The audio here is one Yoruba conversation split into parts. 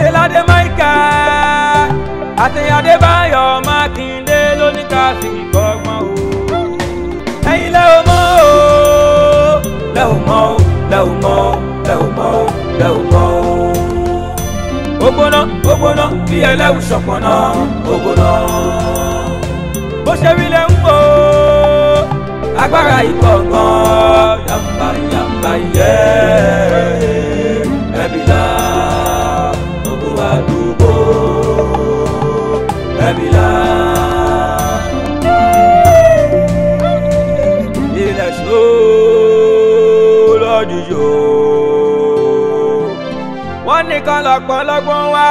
oyelade michael àti adébáyọ̀ mákindé lóníkàsí gbọ́gbọ́n o ẹ̀yin lẹ́ o mọ̀ o lẹ́ o mọ̀ o lẹ́ o mọ̀ o lẹ́ o mọ̀ o lẹ́ o mọ̀ o. ògbóná ògbóná bí ẹlẹ́wù ṣọ̀pọ̀nà ògbóná bó ṣe wí lẹ́ ń wò agbára ìkọ̀ọ̀kan yàmbá yàmbá yẹ́ẹ́ ládùúgbò ẹ̀mílá. ilẹ̀ ṣó lọ́dún yòó wọ́n nìkan lọ́pọ̀lọpọ̀ wá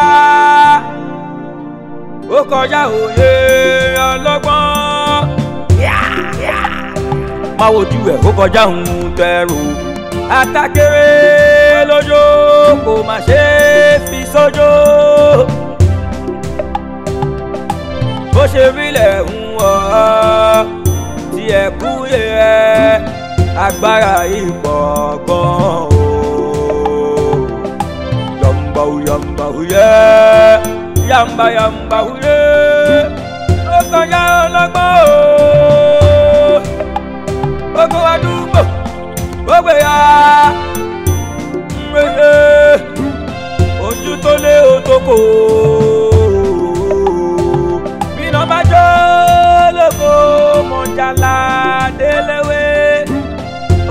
ó kọjá òye ọlọ́gbọ́n. máa wojú ẹ̀ ó kọjá òun tẹrù atakere lójó kò má ṣe é sójó bó ṣe rílẹ̀ ń wọ̀ ọ́ tí ẹ kúlé ẹ agbára ìpọ̀ gan-an o yọ̀mbà yọ̀mbà yẹ yàmbá yàmbá yẹ ó kọjá ọlọ́gbọ́n o gbogbo àdúgbò gbogbo ya. lóko bíná bá jó lóko mọ̀jálá délẹ́wé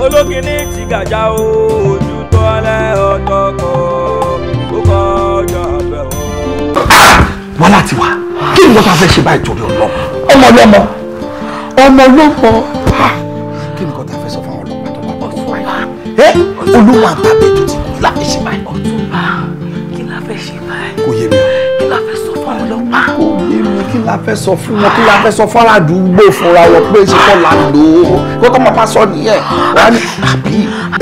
ológìní ti gàjà ojú tọ́lẹ̀ ọ̀tọ̀kọ̀ ó kọjọ abẹ́ o. wọ́n láti wá kí ni wọ́n ta fẹ́ ṣe báyìí torí ọlọ́mọ ọmọ lọ́mọ ọmọ lọ́mọ kí ni wọ́n ta fẹ́ sọ fún ọlọ́mọ tó bá bọ̀ olúwa ń tàbí ètò ti kú láti ṣe báyìí. la fẹ́ sọ fún wọn kí la fẹ́ sọ fún àdúgbò fúnra wọn pé ṣe kọ́ la lò máa bá sọ nìyẹn wàá ní àbí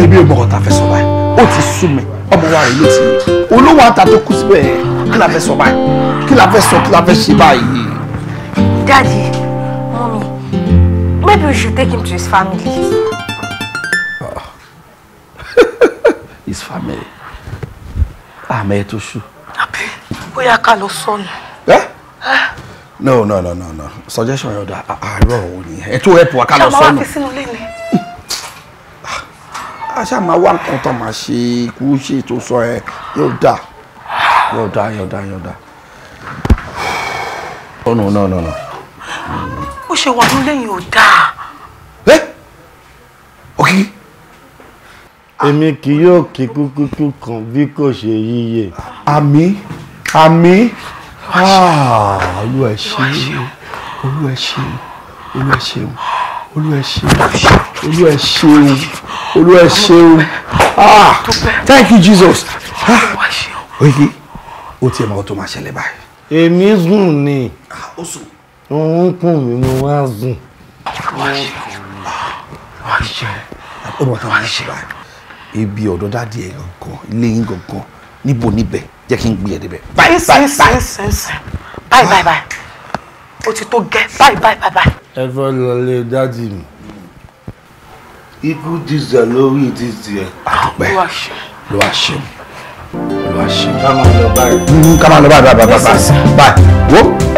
ẹbí ò mọ̀kàn fẹ́ sọ báyìí ó ti sú mi ọmọ wa rẹ̀ ló ti yẹ olówó ata tó kú síbẹ̀ kí la fẹ́ sọ báyìí kí la fẹ́ sọ kí la fẹ́ ṣe báyìí. Daddy, mommy, maybe we should take him to his family. his family àmọ́ ẹ tó ṣù. àbí bóyá ká lọ sọnù. ẹ no no no no no suggestion yóò da àárọ̀ ò ní ẹ tó help wa ká lọ sọ́nà. ṣé àwọn wá fi sínú ilé ni. àṣà ah, máa wá nǹkan tó máa ṣe kú ṣe tó sọ ẹ yóò da yóò da yóò da yóò da. oh no no no no. ó ṣe wà nílé yìí ò dáa. ẹ òkìkí. èmi kì yóò kí kúkúkú kan bí kò ṣe yíyẹ. àmì àmì. Ah, olúwa ah, thank you jesus ah, oye o tiẹ̀ máa tó máa ṣẹlẹ̀ báyìí. èmi zùn ni òun kùn mí mo wá zùn. ó bọ̀ tá a máa ṣe ibi ọ̀dọ̀ dáàdi ẹ̀ gangan ilé gangan níbo níbẹ̀ jẹ́ kí n gbé ẹ débẹ̀ báyìí báyìí báyìí báyìí báyìí ó ti tó gẹ́ báyìí báyìí báyìí. ẹ fẹ́ lọ lé mi ikú jíjà lórí títì ẹ. àpẹ ló wá ṣe ló ká máa lọ báyìí. ká máa lọ báyìí báyìí báyìí báyìí wo.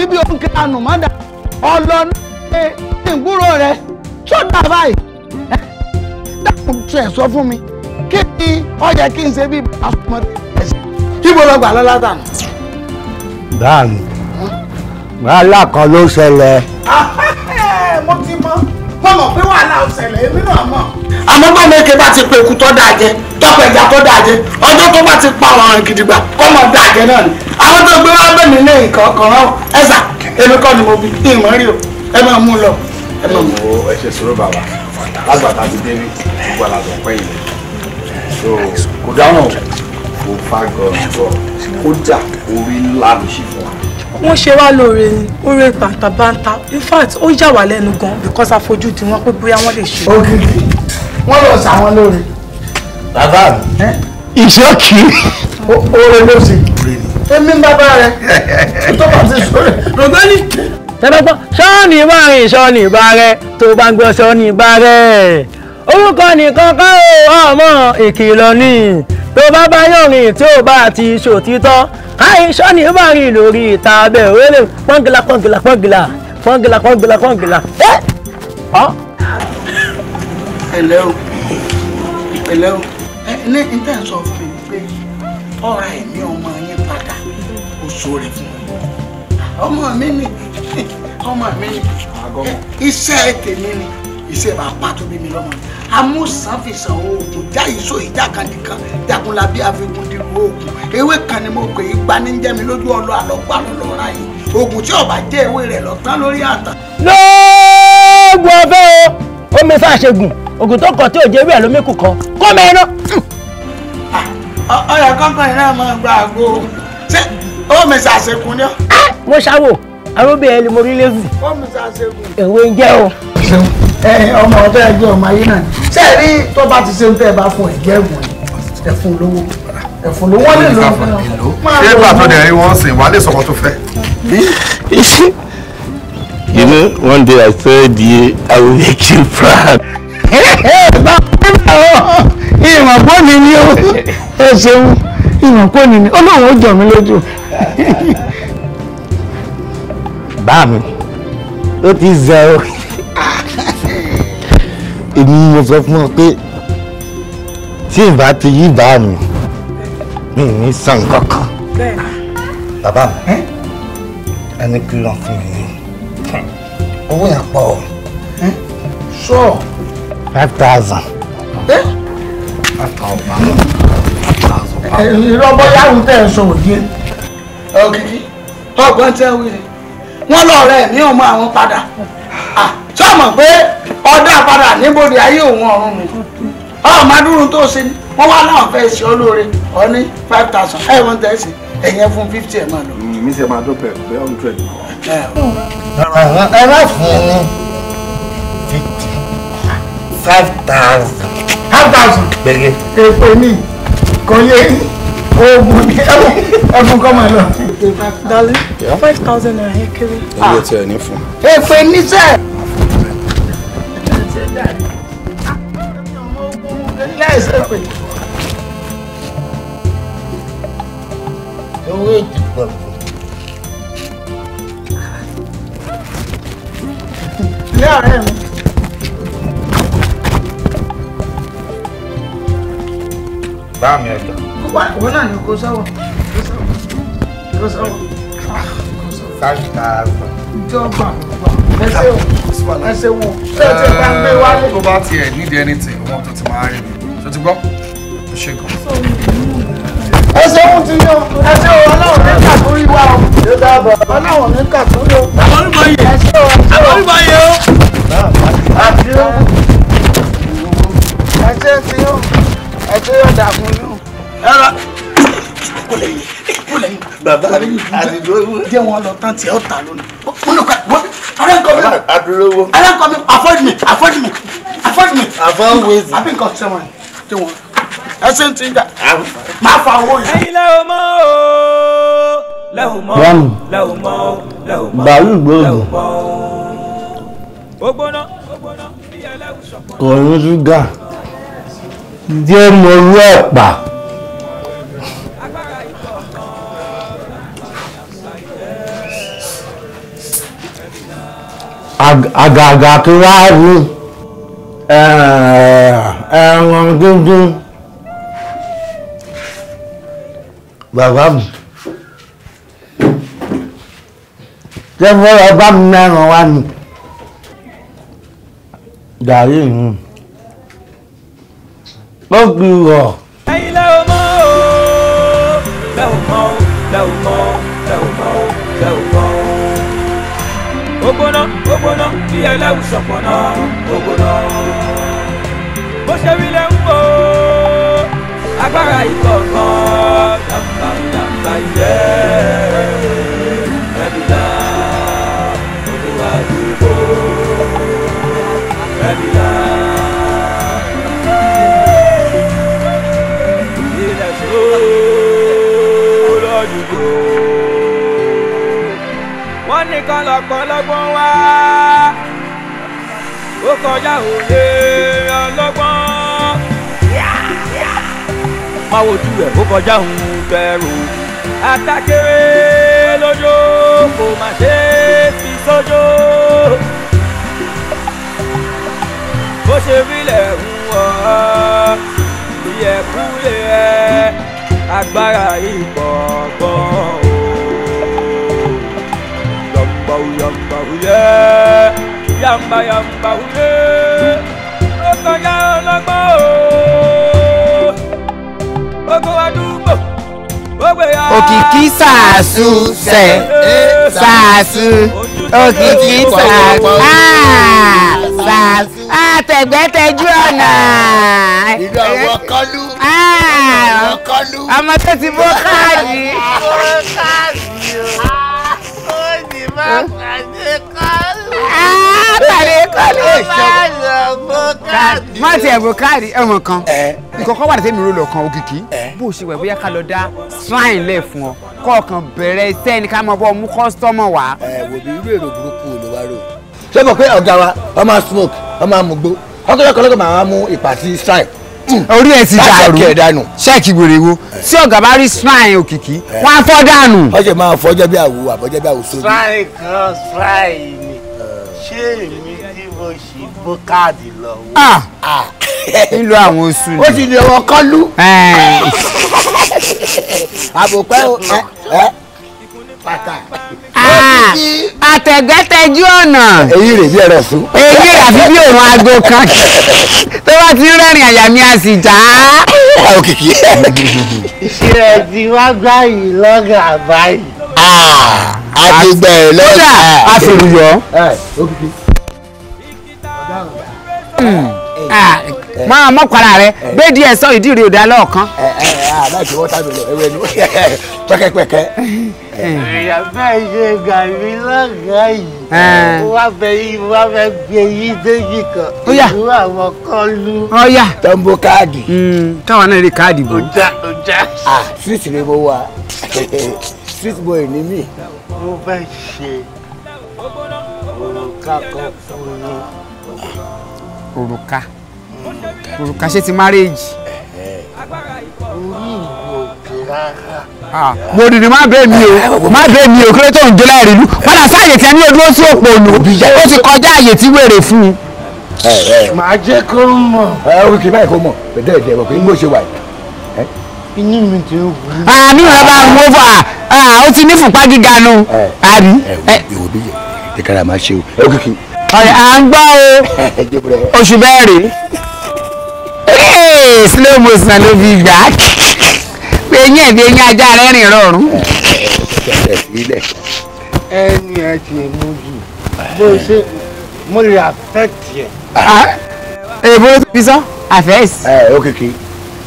sí bí òun kẹta ànùmọ́dà ọlọ́nà ṣe ìgbúrò rẹ̀ sọ́dà báyìí dákun tẹ̀ sọ fún mi kí ni ó yẹ kí n ṣe bí asọmọdé ẹ̀sìn kí mo lọ gbà lọ́la dànù. báàmì wàhálà kan ló ṣẹlẹ̀. Ah, eh, mo ti mọ mo mọ̀ pé wàhálà ó ṣẹlẹ̀ èmi náà mọ̀ àmọ́ bá mẹ́kẹ́ bá ti pe ikú tó dáa jẹ tọ́pọ̀ ìjà tó dáa jẹ ọjọ́ tó bá ti pa ọ̀ràn gidigba kọ́ mọ̀ dáa jẹ náà ni àwọn tó gbé wọn bẹ̀mí lé nǹkan kan ẹ̀sà èmi kọ́ ni mo bí ìmọ̀ rí o ẹ máa mú lọ. ẹ máa mú ẹ ṣe sọ̀rọ̀ bàbá lágbàtà ti dé rí gbogbo àlàbọ̀ pẹ́ yìí so kò dáhùn kò fagbọ̀n gbọ̀ kódà orí ńlá ló ṣe fún wa wọ́n ṣe wá lóore ni oore bàǹtàbàǹtà in fact ó yà wá lẹ́nu gan because àfojúdi wọn pé bóyá wọ́n lè ṣe. ògìrì wọ́n lọ sàwọn lóore. bàbá mi ìṣe kì í oore ló ṣe èmi bàbá rẹ tó bá ti sọ̀rọ̀ rògbẹ́ni. tẹ́lẹ̀pọ̀ sọ́ọ̀nì bá rìn sọ́ọ̀nì bá rẹ tó bá gbọ́ sọ́ọ̀nì bá rẹ orúkọ nìkan ká o ọmọ ìkìlọ̀ ni tó bá bá yọ̀rìn tí ò bá ti ṣòtítọ́ àìsàn ni bá rìn lórí ìta abẹ́ òrèlè pọ́ngìlà pọ́ngìlà pọ́ngìlà pọ́ngìlà pọ́ngìlà pọ́ngìlà. ẹ̀lẹ́ o ẹ̀lẹ́ o ẹ ní ìtẹ̀ sọ fún mi pé ọ̀rá ẹ̀mí ọmọ yín padà ó sóore fún mi ọmọ mi ni ọmọ mi ni iṣẹ́ tèmi ni iṣẹ́ bá pa tó mímí lọ́mọ amúsànfìsàn oògùn já ìṣó ìjàkadìkan jagunlabi àfikún dirú oògùn ewé kan ni mo pè é gbaníjẹ́mi lójú ọlọ́ àlọ́gbà lọ́lọ́ ráyè oògùn tí ọba jẹ́ ewé rẹ̀ lọ́tán lórí àtàn. lóògùn ọ̀fẹ́ o omi fàṣẹgùn oògùn tó kọ tí ò jẹ́ ewé ẹ̀ lómi kù kan kó mẹ́ iná. Ah, ọ̀rẹ́ kankan yìí náà máa gba àgbo ṣé ó mi ni. Ah, mo ṣàwò arúgbó ẹ lè mo rí lẹ́sìn. fọ́ọ̀mù ta ṣẹ́gun. èwe ń jẹ́ o. ẹ ọmọ ọ̀tá ẹgbẹ́ ọmọ ayé náà ṣe é rí tó bá ti ṣe ń tẹ́ ẹ bá fún ẹ jẹ́ ìwọ̀n ẹ fún lówó ẹ fún lówó lè lọ fún ẹ. ṣé pàtó ni ẹ̀yin wọ́n sìn wà lè sọ̀kọ́ tó fẹ́. You know, one day I told you I will make you proud. Ìmọ̀ pọ̀ ni ni ó ṣe ìmọ̀ pọ̀ ni ni Ọlọ́run ó jọ mí lójú bá mi ó ti zẹ o èmi mo sọ fún ọ pé tí n bá ti yí bá mi mi ní san kankan bàbá mi ẹni kí ló ń fún mi ní owó yẹn pọ̀ o sọ five thousand. ìrọ̀bọ̀ yahoo tẹ̀ ẹ̀ sọ òdiẹ́. ọ̀kìkì ọgbọ́n tẹ́ wí wọ́n lọ rẹ̀ ní ọmọ àwọn padà sọ́mọ̀ pé ọ̀dà padà níbodè ayé òun ọ̀run mi ọmọ adúrún tó ṣe ni wọ́n wá láwọn fẹ́ ṣe ọ́ lóore ọ ní five thousand ẹ̀ wọ́n tẹ̀ sí ẹ̀yẹn fún fifty ẹ̀ máa lọ. Mm, mi ṣe máa dọ́pẹ́ pé hundred. ẹ má fún mi fifty five thousand. five thousand. gbẹ̀gẹ̀. èpè ní kò yé oògùn ni ẹkún kọ́ máa lọ. dalí five thousand naira yẹn kéré. owó ah. tí ẹ ní fún. èpè níṣẹ́. lẹ́sẹ̀ pé. owó ìdìbò. ilé ọ̀rẹ́ mi. bá wọn náà ni kò sọ́wọ́ kò sọ́wọ́ káàkiri àgbà. ìjọba ẹsẹ wo ẹsẹ wo ṣé o ti bá ń gbé wálé. tó bá tiẹ̀ nídìí anything wọn tó ti máa rí mi ṣó ti gbọ́ ó ṣe gan. ẹsẹ̀ ohun ti yan ẹsẹ̀ o ọlọ́run ní kàtúrí wa yóò ẹ̀rọ bàálù gbòògùn. kò ní ṣúgà jẹ́ mo ọ̀pá. àgàgà kí wàá rí ẹran dídín bàbá mi jẹ́ fọ́lọ́ bá mi mẹ́ràn wá ni gàrí mi ó fi rọ̀. ẹ̀yin lẹ́ o bí ẹlẹ́wù ṣọ̀pọ̀nà ògbóná. bó ṣe wí lẹ́ ń wò ó agbára ìkọ̀ọ̀kan dàmbà dàmbà ìyẹ́ ẹ̀dùdà olúwa dùgbò ẹ̀dùdà. ilẹ̀ tó lọ́dún tó wọ́n nìkan lọ́pọ̀lọpọ̀ wá ó kọjá òye ọlọ́gbọ́n. máa wojú rẹ̀ ó kọjá òun bẹ̀rù. atakere lójó kò má ṣe é fi sójó. bó ṣe rílẹ̀ ń wọ̀ ọ́ bí lè ẹ agbára ìgbọ̀ngbọ̀n Yeah. Yamba yamba ó kọjá ọlọ́gbọ́n o gbogbo àdúgbò gbogbo ya. òkìkí sàásù sẹ sàásù òkìkí sàásù ah, sàásù àtẹ̀gbẹ́tẹ̀jú ah, ọ̀nà. ìlú àwọn kọlu ah, àwọn kọlu. ọmọ tó ti bó káàdì. bó káàdì o ó sì máa káàdì. má ti ẹ̀bùn káàdì ẹ̀wọ̀n kan ìkọ̀kọ̀ wà tẹ́mi rò lọ́kàn òkìkí bó o ṣe wẹ̀ bóyá ká lọ dá shrine lẹ̀ fún ọ kọ̀ọ̀kan bẹ̀rẹ̀ iṣẹ́ ni ká mọ bọ́ mú kọ́sítọ́mọ̀ wá. ẹ wo bí irú èrò burúkú ló wá rò. ṣé mo pé ọ̀gá wa wọ́n máa smoke wọ́n máa mú gbó ọkọ̀lọ́kọ̀ lọ́kọ̀ máa mú ìpàtí shrine hmm. orí ẹ ti dàrú ṣẹ́ẹ̀kì wèrè wo tí ọ̀gá bá rí shrine òkìkí wọ́n á fọ́ dànù. ọjọ́ máa fọ́jọ́ bí àwo àbọ̀jọ́ bí àwo sórí. shrine kan shrine ni ṣé èmi bó káàdì lọ́wọ́. nílò àwọn oṣù ni. ó sì lè wọ kọ́lù. àbòpẹ́ o pàtà. àtẹ̀gbẹ́tẹ̀jú ọ̀nà. èyí rè bí ẹ̀rọ sùn. èyí rè àfi bí òun aago kan tó bá ti ń rẹ́rìn àyà mi a sì já. òkìkí. ìṣirẹ̀ tí wá gbá yìí lọ́gà báyìí. a ti gbẹ̀rẹ̀ lọ́gà. kódà a fèrè yọ. òkìkí. Hmm. Ah, máa mọ kwara rẹ eh, eh. bẹ́ẹ̀ díẹ̀ sọ ìdí rẹ òdà lọọkan. aláìsí wọ́n sábẹ̀ lọ ẹwẹ́ ni pẹ́kẹ́pẹ́kẹ́. ìyá bẹ́ẹ̀ ṣe gàrí lọ́gàá yìí eh. wá fẹ́ wá fẹ́ gbé yín déjì kan ìlú àwọn kan lú. ọ̀yà tọ́ḿbó káàdì. Hmm. káwọn náà rí káàdì bò. ọjà ọjà. street ni mo wà street boy ni mí. mo fẹ́ ṣe òrùka kan fún yín òrùka òrùka ṣe ti márèèjì. mo dìde má bẹ́ẹ̀ mi o má bẹ́ẹ̀ mi o kéré tó ń délẹ̀ rí lu padà sáàyè tí a ní odúró sí òpó ònù ó ti kọjá àyè tí wèrè fún un. màá jẹ́ kó mọ̀. ẹ o kì í báyìí kó mọ̀ bẹ̀dẹ̀ ẹ̀dẹ̀ bọ̀ pé n bó ṣe wà inú mi ti ń wù. àmì wọn bá ń wọ́pọ̀ ó ti ní fùpá gíga nu. àbí. ẹ ẹ ìwò bí yẹ kíkàrà máa ṣe o ẹ o kìkì ọ̀rẹ́ à ń gbọ́ o oṣù bẹ́ẹ̀ slow motion ló fi gbà á pé yín ẹ̀bí eyín ajá rẹ̀ rìn rọrùn. ẹni ẹ ti mú jù bó ṣe mo lè affect yẹ. Ah, èèbó ló ti fi sọ àfẹ́sì. ẹ ó kékeré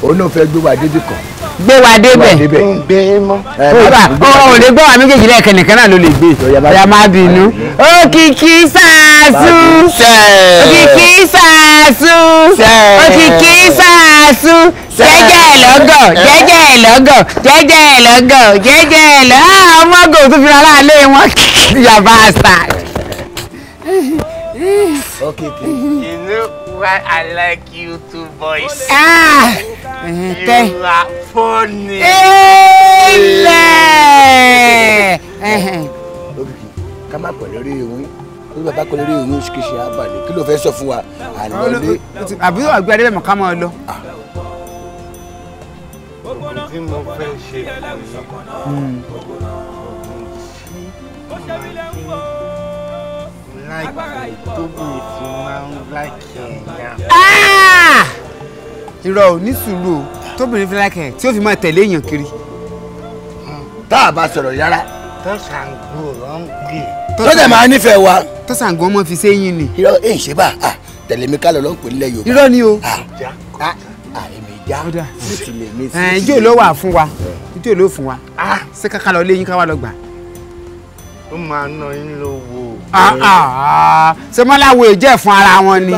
òun náà fẹ́ gbé wa débi kan gbé wa débẹ̀ ọ̀rọ̀ ò lè gbọ́ wa méjèèjì lẹ́ẹ̀kan nìkan náà ló lè gbé ọ̀yà máa bínú. òkìkí sàásù òkìkí sàásù òkìkí sàásù jẹ́jẹ́ ẹlọgọ jẹ́jẹ́ ẹlọgọ jẹ́jẹ́ ẹlọgọ jẹ́jẹ́ ẹlọ ah, ọmọ ọgọ tó fi rárá lé wọn yàrá àṣà. òkìkí inú why I like you two boys. Ah, you are funny. Hey, Obìkì, ká má pẹ̀ lórí ìwé. Bí bàbá kan lórí ìwé ṣìkìṣì abalẹ̀, kí ló fẹ́ sọ fún wa? Àlọ́lé. Àbúrò àgbẹ̀ Adébẹ̀mọ̀ ká máa lọ. Ah. Ogun tí mo fẹ́ ṣe kò ní. Ogun tí láìpẹ́ tóbi ti máa ń láìkẹ́ ẹ̀yàn. Ah! irọ́ ò ní sùúrù o tóbìnrin fi láìkẹ́ tí ó fi máa tẹ̀lé èèyàn kiri. tá a bá sọ̀rọ̀ yára. tó ṣàǹgó ló ń gbé. tó dẹ̀ máa nífẹ̀ẹ́ wa. tó ṣàǹgó ọmọ fi séyìn ni. irọ́ èyí ṣe bá a ah, tẹ̀lé mi kálọ̀ ló ń pè nílẹ̀ Yorùbá. irọ́ ni o. àìmì já sísìlè mi sísìlè. ẹ̀ ǹjẹ́ ò ló wà fún wa ǹjẹ́ eh. ò ló fún wa. Ah. ṣé káká lọ lé yín ká wá lọ gbà. ó máa ná yín lówó. Ah, ah, ah. ṣe mọ́ láwo èjẹ́ fún ara wọn ni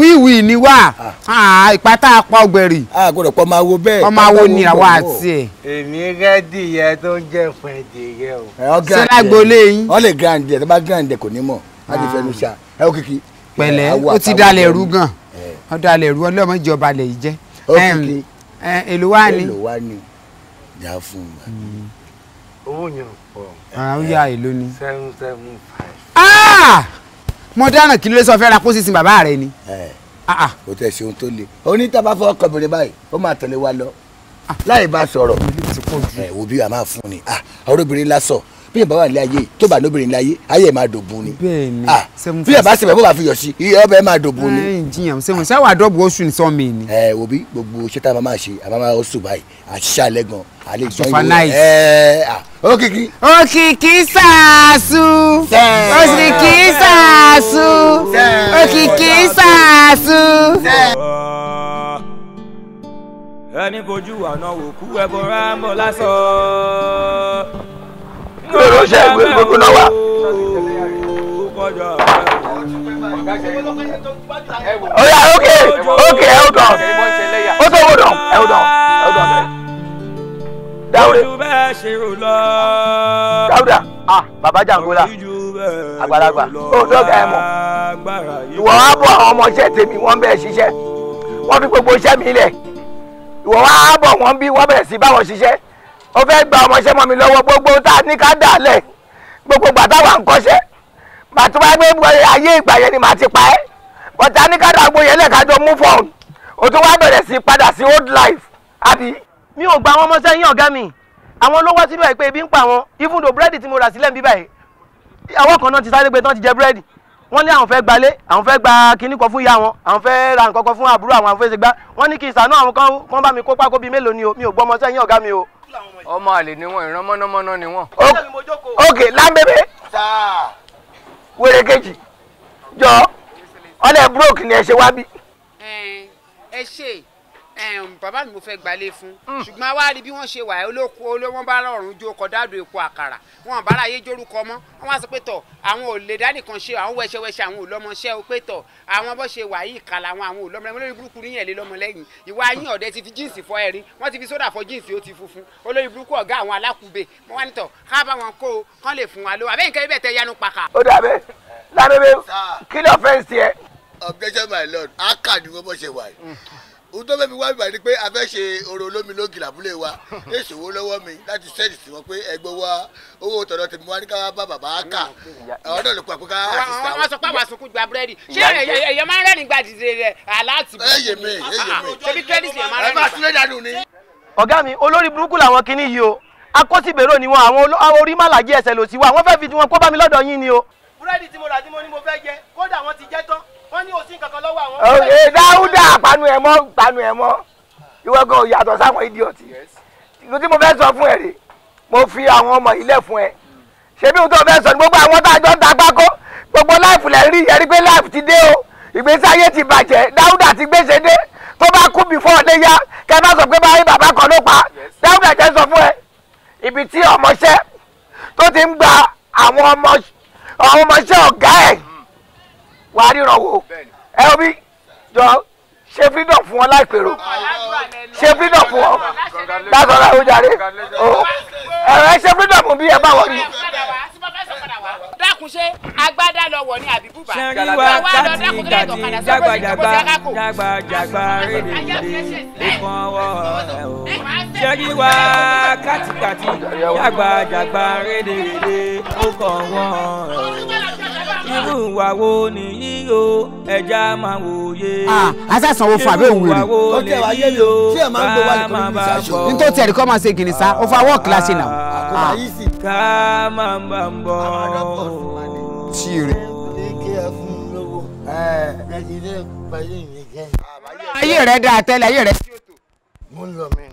wíwì ni wá ìpátá apá ọgbẹ̀rì àgọ́dọ̀ pọ̀ máa wo bẹ́ẹ̀ ọmọ awo ni àwa àti ẹ̀. èmi rẹ́dì yẹn tó ń jẹ́ fún ẹ̀dì yẹn o. ṣé lágboolé yín. wọ́n lè grand ẹ̀ tó bá grand ẹ̀ kò ní mọ̀ láti fẹnu ṣá ẹ̀ ó kìkì. pẹ̀lẹ́ ó ti dalẹ̀ rú gan ó dalẹ̀ rú ọlọ́mọ ìjọba lẹ̀ jẹ́. ó kìkì èlò wá ni. èlò wá ni jà fún mi. Hmm. owó yẹn pọ̀ àwùyá ah, èlò ni. seven seven five. Ah! mo dáná kí ló lè sọ fẹ́ ra kó sísin bàbá rẹ ni. Eh, ah, kò tẹ̀ sí ohun tó le onítàbá fọ ọkọ̀ bèrè báyìí ó máa tẹ̀lé wa lọ láì bá sọ̀rọ̀ ẹ̀ eh, wo bí a máa fún ni ọ̀rọ̀ obìnrin lásọ̀ bí yẹn bá wà ní ayé tó bá nóbìnrin ní ayé ayé máa dòbu ni ah, bí yẹn bá sẹbẹ bó bá fi yọ sí ọbẹ máa dòbu ni. ẹ jiyàn sẹ́wọ̀n sẹ́wọ̀n àdọ́bù oṣù ní sọ́ọ̀mì ni. ẹ wo bí gbogbo ṣé tá a máa ṣe àbá máa oṣù báyìí àṣìṣe alẹ́ gan alẹ́ ìjọyìn ẹ òkìkí. òkìkí sàásù òkìkí sàásù òkìkí sàásù. ẹni kojú àná òkú ẹ̀bùn rámbọ̀ lásán lórí ìwé gbogbo náà oya oke oke hold on o tó hold on hold on hold on dáwúrẹ́ ah bàbá jangola àgbàlagbà ó dọ́gà ẹ̀ mọ̀ ìwọ wá bọ̀ àwọn ọmọọṣẹ́ tèmi wọ́n bẹ̀ ṣiṣẹ́ wọ́n fi gbogbo iṣẹ́ mi lẹ̀ ìwọ wá bọ̀ wọ́n bí wọ́n bẹ̀rẹ̀ sí báwọn ṣiṣẹ́ ó fẹ́ gba ọmọọṣẹ́ mọ́ mi lọ́wọ́ gbogbo tá a ní ká dà lẹ̀ gbogbo gbà táwa ń kọ́ṣẹ́ màá tún wáá gbé ayé ìgbà yẹn ni màá ti pa ẹ́ bọ̀tá ní ká dàgbò yẹn lẹ́ẹ̀kájọ move on ó tún wáá bẹ̀rẹ̀ sí padà sí old life àbí. mi ò gba àwọn ọmọọṣẹ́ yín ọ̀gá mi àwọn ló wá síbẹ̀ pé ebi ń pa àwọn even though búrẹ́dì tí mo rà sílẹ̀ ń bíbà yìí àwọn kan náà ti sáré gbé tán ti jẹ búrẹ́dì wọ́n ní àwọn fẹ́ gbalé àwọn fẹ́ gba kinní kan fún ìyá wọn àwọn fẹ́ ra nǹkan kan fún àbúrò àwọn àwọn fẹ́ ṣe gbá wọ́n ní kí n ṣàánú àwọn kan bá mi kópa kó bíi mélòó ni o mi ò gbọ́ ọmọọṣẹ́ yín ọ̀gá mi o ọmọ àlè ni wọn ìran mọ́nàmọ́ná ni wọn. ok lámbébé wèrè kejì jọ ọlẹ brook ni ẹ ṣe wá bí. ẹ ṣe Eh, um, bàbá mi mo fẹ́ gbalé fún hmm. ṣùgbọ́n a wá rí bí wọ́n ṣe wà olóko olówó bá rọrùn jó kọ̀dádò epo àkàrà wọn bára ayé jórúkọ mọ́ wọn wá sọ pé tọ̀ àwọn ò lè dánìkan ṣe àwọn wẹṣẹwẹṣẹ àwọn ò lọ́mọṣẹ́ o pé tọ̀ àwọn bó ṣe wà yìí kàlà àwọn àwọn ò lọ́mọ lẹ́yìn olórí burúkú níyẹn lé lọ́mọ lẹ́yìn ìwà yín ọ̀dẹ ti fi jíǹsì fọ ẹ̀rín wọ́n ti fi sódà fọ jíǹsì ó ti funfun olórí burúkú ọ̀gá àwọn alákùbè wọ́n wá nítọ̀ ká bá wọn kó o kán lè fún wa lówó àbẹ́yìnkẹ́ bẹ́ẹ̀ tẹ yanu pàkà. ó dàbẹ́ lárẹ́bẹ́ kí ló fẹ́ ṣe ẹ. objection my lord a kà ní wọ́n bó òun tó mẹ́mi wá bíbá ni pé a fẹ́ ṣe orò olómi lóògì làbúlé wa èsì lọ́wọ́ mi láti sẹ́ẹ̀dì sí wọn pé ẹgbẹ́ wa owó tọ̀dọ̀ tèmi wá ní ká bá bàbá kà ọ̀rọ̀ ló pa pé ọ̀gá mi olórí burúkú làwọn kinní yìí o akọ́sìbèrò ni wọn àwọn orí màlàjì ẹsẹ̀ lòsì wa wọ́n fi tiwọn kó bá mi lọ́dọ̀ yín ni o. búrẹ́dì tí mo rà tí mo ní mo fẹ́ jẹ kódà wọ́n ti jẹ tán wọ́n ní òsín kankan lọ́wọ́ àwọn. ẹ dáúdà panu ẹ mọ́ panu ẹ mọ́ ìwọ gan ò yàtọ̀ sáwọn idiọ̀tì ìlú tí mo fẹ́ sọ fún ẹ rè mo fi àwọn ọmọ ilé fún ẹ ṣebí ohun tó fẹ́ sọ ni gbogbo àwọn tá a jọ ń ta pákó gbogbo láìfù lẹ́ rí ẹ rí pé láìfù ti dé o ìgbésí ayé ti bàjẹ́ dáúdà ti gbèsè dé tó bá kú bí fún ọdẹ yá kẹ bá sọ pé báyìí bàbá kan ló pa dáúdà jẹ́ sọ fún ẹ ibi tí ọmọṣẹ́ tó ti ń gba àwọn ọmọṣẹ́ ọ̀gá ẹ̀ wà á ríran wò ẹ omi jọ ṣe freedom fún wọn láìpẹ́ ro ṣe freedom fún wọn dákọ̀ ọ̀la ó jàre ẹ ṣe freedom bí ẹ bá wọ̀ ni. dákun ṣe agbádá lọ irú ìwà wo nìyí o ẹja máa wòye. àṣàṣàn wo fà bẹ́ẹ̀ wúre. ó tẹ wá yé mi o ṣé ẹ máa ń gbowó àlùkò nínú ìṣàṣọ. ní tó tẹ̀rí kọ́ máa ṣe gìnì sá ó fa wọ́ọ̀ kíláàsì ah, náà. àkókò ayé sì. ká máa ń bá ń bọ̀. tí rè. ayé rẹ̀ dáa tẹ́lẹ̀ ayé rẹ̀ mo ń lọ mi.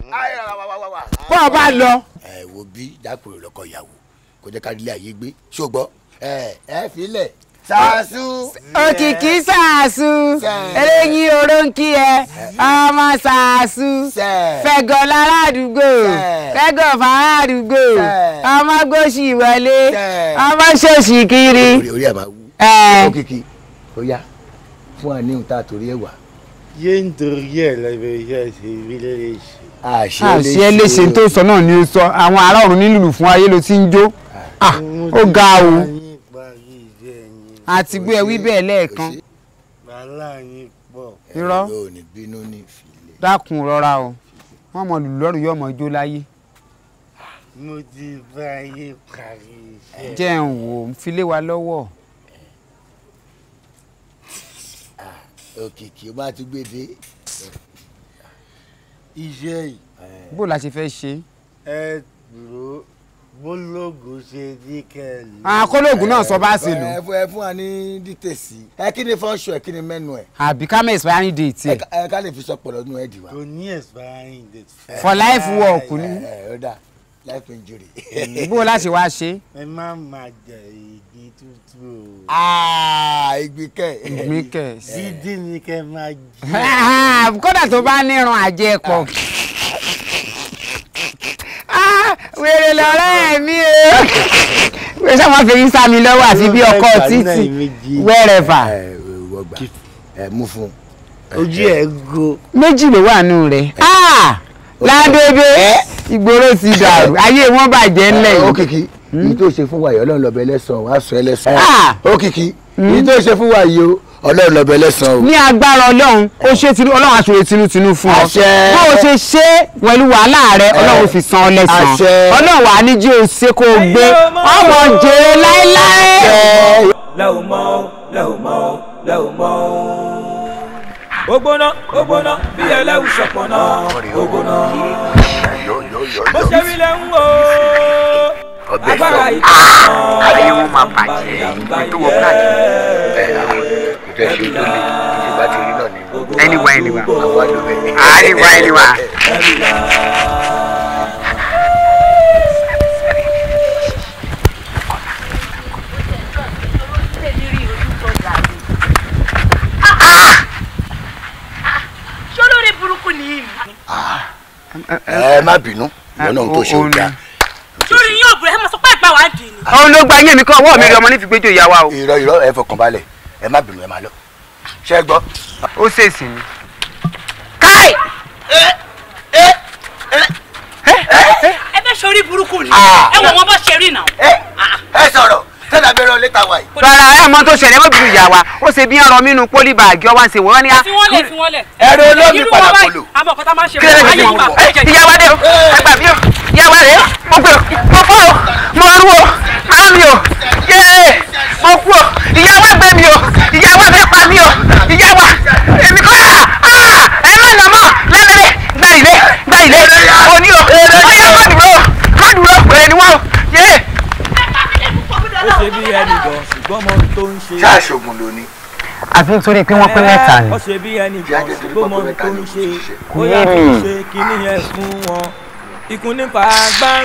bá a bá lọ. ẹ wo bí dákùrẹ́ lọ́kọ̀ ìyàwó kò jẹ́ ká ilé ayé gbé ṣó gbọ́ ẹ ẹ fi lẹ̀ sàásù. òkìkí sàásù eléyìí oróǹkì ẹ ọmọ sàásù fẹgọ láràdúgbò fẹgọ fàràdúgbò ọmọ gòṣì wọlé ọmọ ṣòṣì kiri. orí ẹ̀ máa wú òkìkí ó yá fún àníhùn tá a torí ẹ̀ wá. yé nítorí ẹ̀ lọ́bẹ̀ iṣẹ́ ṣe rí lẹ́lẹ́ ṣe. àṣẹ léṣe tó sọ náà ni ó sọ àwọn ará ọ̀run nílùú fún ayé ti ń jó ah, ó ga o àti gbé ẹ wí bẹ́ẹ̀ lẹ́ẹ̀kan. wàhálà yín pọ̀. irọ́ dákun rọra o wọ́n mọ lùlù lọ́rùn yóò mọ jó láyé. mo ti bá ayé parí iṣẹ́. jẹ́ ń wò ó fi lé wa lọ́wọ́. Ah, òkìkí ó bá tún gbé dé iṣẹ́ yìí. bó la ṣe fẹ́ ṣe. ẹ dúró bólógùn ṣe ní kẹlẹ. akólógùn náà sọ bá ṣe lò. ẹ fún wa ní dítèsí ẹ kí ni fọ́nṣọ ẹ kí ni mẹ́nu ẹ. àbí ká mẹ́ expiring date ẹ. ẹ ká lè fi sọpọ̀ lọ́dún ẹ dì wá. kò ní expiring date. for life work ni. ẹ ẹ ọ̀dà life injury. bó o láti wá ṣe. ẹ má ah, máa jẹ igi tútù o. igi kẹ. igi kẹ. dídí ni kẹ máa jẹ. kódà tó bá ní irun àjẹpọ̀. Ah wèrè lọ́rẹ́ mi o wèrè sáà wọ́n fi ń sá mi lọ́wọ́ àti bí ọkọ títì wẹ́rẹ̀fà. ẹ mú fún. ojú ẹ go. méjì ló wà nù rẹ ah! ládébé ìgboro ti dàrú ayé wọn bàjẹ́ ńlẹ̀ yìí. òkìkí yìí hmm? tó ṣe fún wa yìí ọlọ́run lọ́bẹ̀ ẹlẹ́sàn-án wàá sọ ẹlẹ́sàn-án. Ah! òkìkí yìí hmm? tó ṣe fún wa yìí o ọlọ́run lọ́bẹ̀ lẹ́sàn-án o. ní agbára ọlọ́run ó ṣe tinú ọlọ́run aṣòro tinútinú fún ọ. àṣẹ bó o ṣe ṣe pẹ̀lú wàhálà rẹ ọlọ́run fi san ọ lẹ́sàn-án. àṣẹ ọlọ́run wàá ní jí o ṣe kó o gbé ọmọ jèrè láéláé. lẹ́wọ̀n mọ́ lẹ́wọ̀n mọ́ lẹ́wọ̀n mọ́ ogbona ogbona bí ẹlẹ́wù sọ̀pọ̀nà ogbona bó ṣe wí lẹ́ ń wò ó ọbẹ̀ sọ ah! ayé máa bàjẹ́ ìgbẹ́ tó wọ káàkiri ẹ̀ àwọn fẹ́ ṣe lórí ìgbà tí rí náà nínú. anywhere anywhere. àwa ló bẹ̀ ní. anywhere anywhere. ṣolórí burúkú nìyí. Ah. ẹ má bínú ìwọ náà ń tó ṣe ó dáa sórí yóò bùrẹ̀ ẹ mọ̀ sọ pé ẹ̀gbà wá dì ní. òun ló gba yín mi kọ́ ọwọ́ mi eh. rí ọmọ nífi gbẹ́jọ́ ìyá wa o. irọ́ irọ́ ẹ fọkàn balẹ̀ ẹ má bínú ẹ má lọ ṣe gbọ́. ó ṣèṣì ni. káì. ẹ fẹ́ sori burúkú ni ah. ẹ wọ wọn bọ́ ṣe rí nà. Ah, ah. ẹ sọ̀rọ̀ tẹ́lá bẹ̀rẹ̀ ọ̀lẹ́ ta wà yìí. rárá ẹ̀ mọ́ tó ṣẹlẹ̀ mọ́ bí ìyá wa ó ṣe bí ọ̀rọ̀ mi nu pólí bàgì ọwọ́ ṣe wọ́n ní. ẹ̀rọ olómi padà kolo. kí lè lè ṣe ìyá wa dé o ẹgbàá mi o. sí sórí pé wọ́n pín mẹ́ta ni. ọ̀sẹ̀ bí ẹnì kan bó mọ gbá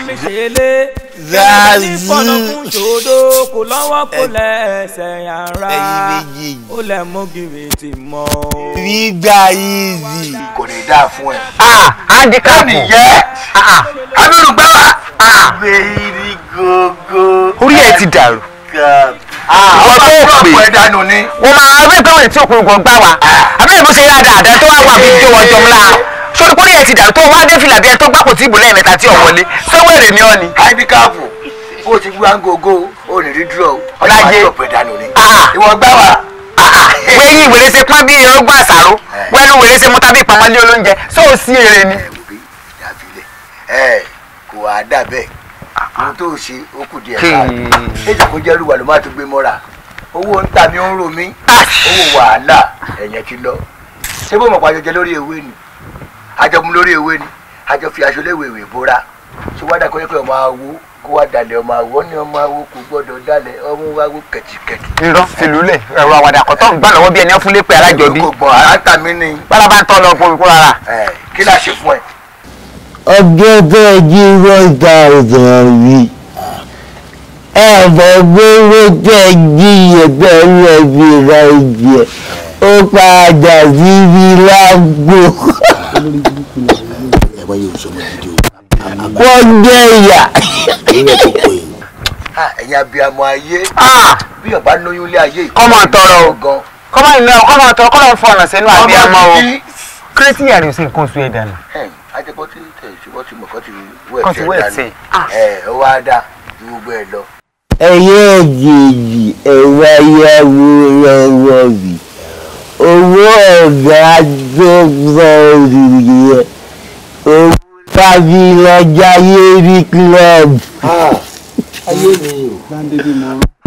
mi ṣe lé. zazu fọnà kò lọ́wọ́ kò lẹ́sẹ̀ yàrá ó lẹ̀ mú gírí tì mọ́. gbígbà yìí. kò ní dáa fún ẹ. handicap. kí ni yẹ amírùgbà. very gogo. orí ẹ ti dàrú ìwọ ah, tó pè wọ́n máa ẹgbẹ́ pé wọ́n ti òkú gbọ̀n gbá wa abẹ́rẹ́ ah. bó ṣe rí àdáadáa tó wá wà bí bí wọ́n jọmọ́lá sọ́dúnkúrú yẹn ti dà tó wá dé fìlà bí ẹ tó gbàpò tí ìbò lẹ́yìn mẹ́ta tí ò wọlé sọ́wọ́rẹ́ ni ọ́ ni. àìbíkàfù bó ti gbá gògó o lè rí dúró ọlọ́jẹ́ ah. ìwọ gbá wa. wẹ́yìn wèrè ṣe pọ́n bí ọgbà àṣàrò eh. wẹ́nu wèrè ṣe mọ́tà bí ìpamọ́lé olóúnjẹ sóòsì èrè ni. ẹ eh, eh, kò wá dà bẹ́ẹ̀ ohun tó ṣe ó kù díẹ̀ káàdì ẹ̀jẹ̀ kó jẹ́rú wà ló má ti gbé mọ́ra owó ń tà mí ó ń rò mí owó wàhálà ẹ̀yẹn ti lọ ṣé bó mọ̀ pa àjọjẹ lórí ewé ni àjọ mu lórí ewé ni àjọ fi aṣọ léwèwè bóra ṣé wàá dà kó yẹ kó ọmọ awo kó wàá dalẹ̀ ọmọ awo ni ọmọ awo kò gbọ́dọ̀ dalẹ̀ ọmọ awo kẹ̀tìkẹ̀tì. irọ́ fìlúlẹ̀ ẹ̀rọ àwàdà kan tó ń gbà lọ́wọ́ bí ẹni fún lépè alájọbí. kò gbọ́n àtàmì ni. bára bá ń tọ́ lọ fún mi kó rárá. kí la fún ẹ ọgẹ́gẹ́ jíwọ́ ìdàrúdàn rí ẹ̀bọ̀ gbówó jẹ́ jíyẹ pẹ̀lú ẹbí ra ìjẹ ó padà síbi lágbo. wọ́n jẹ́ ìyà. ẹ̀yin abiyamọ ayé bí ọba lóyún ilé ayé ìkọ́ ọmọ tọrọ kọ́mọ ìlú ọmọ tọrọ kọ́mọ fọ ọ̀nà sẹ́nu abiyamọ o kírísítì yàrá ò sí nǹkan oṣù ẹ̀dá nù ajẹ́pọ̀ tí tẹ̀ ṣùgbọ́n tí mọ̀kọ́ ti wú ẹ̀sẹ̀ dání ẹ̀ ah. ó wá dá ju gbogbo ẹ̀ lọ. ẹyẹ èjèèjì ẹwà yàwó lọ́wọ́ rì owó ọ̀gá gbọ́gbọ́ òrìrì rẹ owó tábí lọ́jà yéèrí club. Ah, ayé mi ò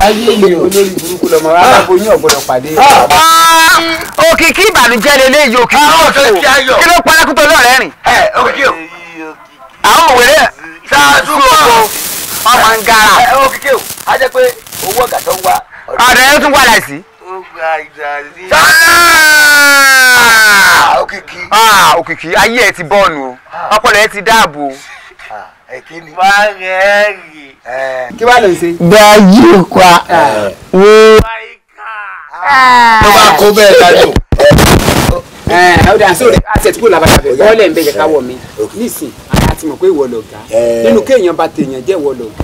ayé mi ò olórí burúkú lọmọ ah. aláboyún ọ̀gbọ́dọ̀ pàdé òkìkí ìbànújẹ́ lélẹ́yìí òkìkí òfò ah, kí ló pa lákútó lọ́rẹ́ rìn. ẹ òkìkí o àwọn òwèrè ṣáàtúkọ ọmọ ń gara. ẹ ó kíkẹ́ o a jẹ́ pé owó ọ̀gá tó ń wá. ọ̀dọ̀ ẹ tún wà láìsí. Ah, òkìkí. Ah, òkìkí ayé ẹ ti bọ́ọ̀nù o ọpọlọ ẹ ti dáàbò. wà á rẹ̀ ẹ́ rì. Eh. kí wàá lè ṣe. bẹ́ẹ̀ yìí kwa. Eh. wọ́n ló ah. máa kó bẹ́ẹ̀ dájú. ọ̀dà sóò rẹ̀ asset kúrò làbàtà bẹ̀ bọ́ọ̀lẹ̀ ń bẹ̀ yẹ ká wọ̀ mí nísìn àyà ti mọ̀ pé ìwọ lọ̀gá eh. nínú kéèyàn bá tèèyàn jẹ́ ìwọ lọ̀gá.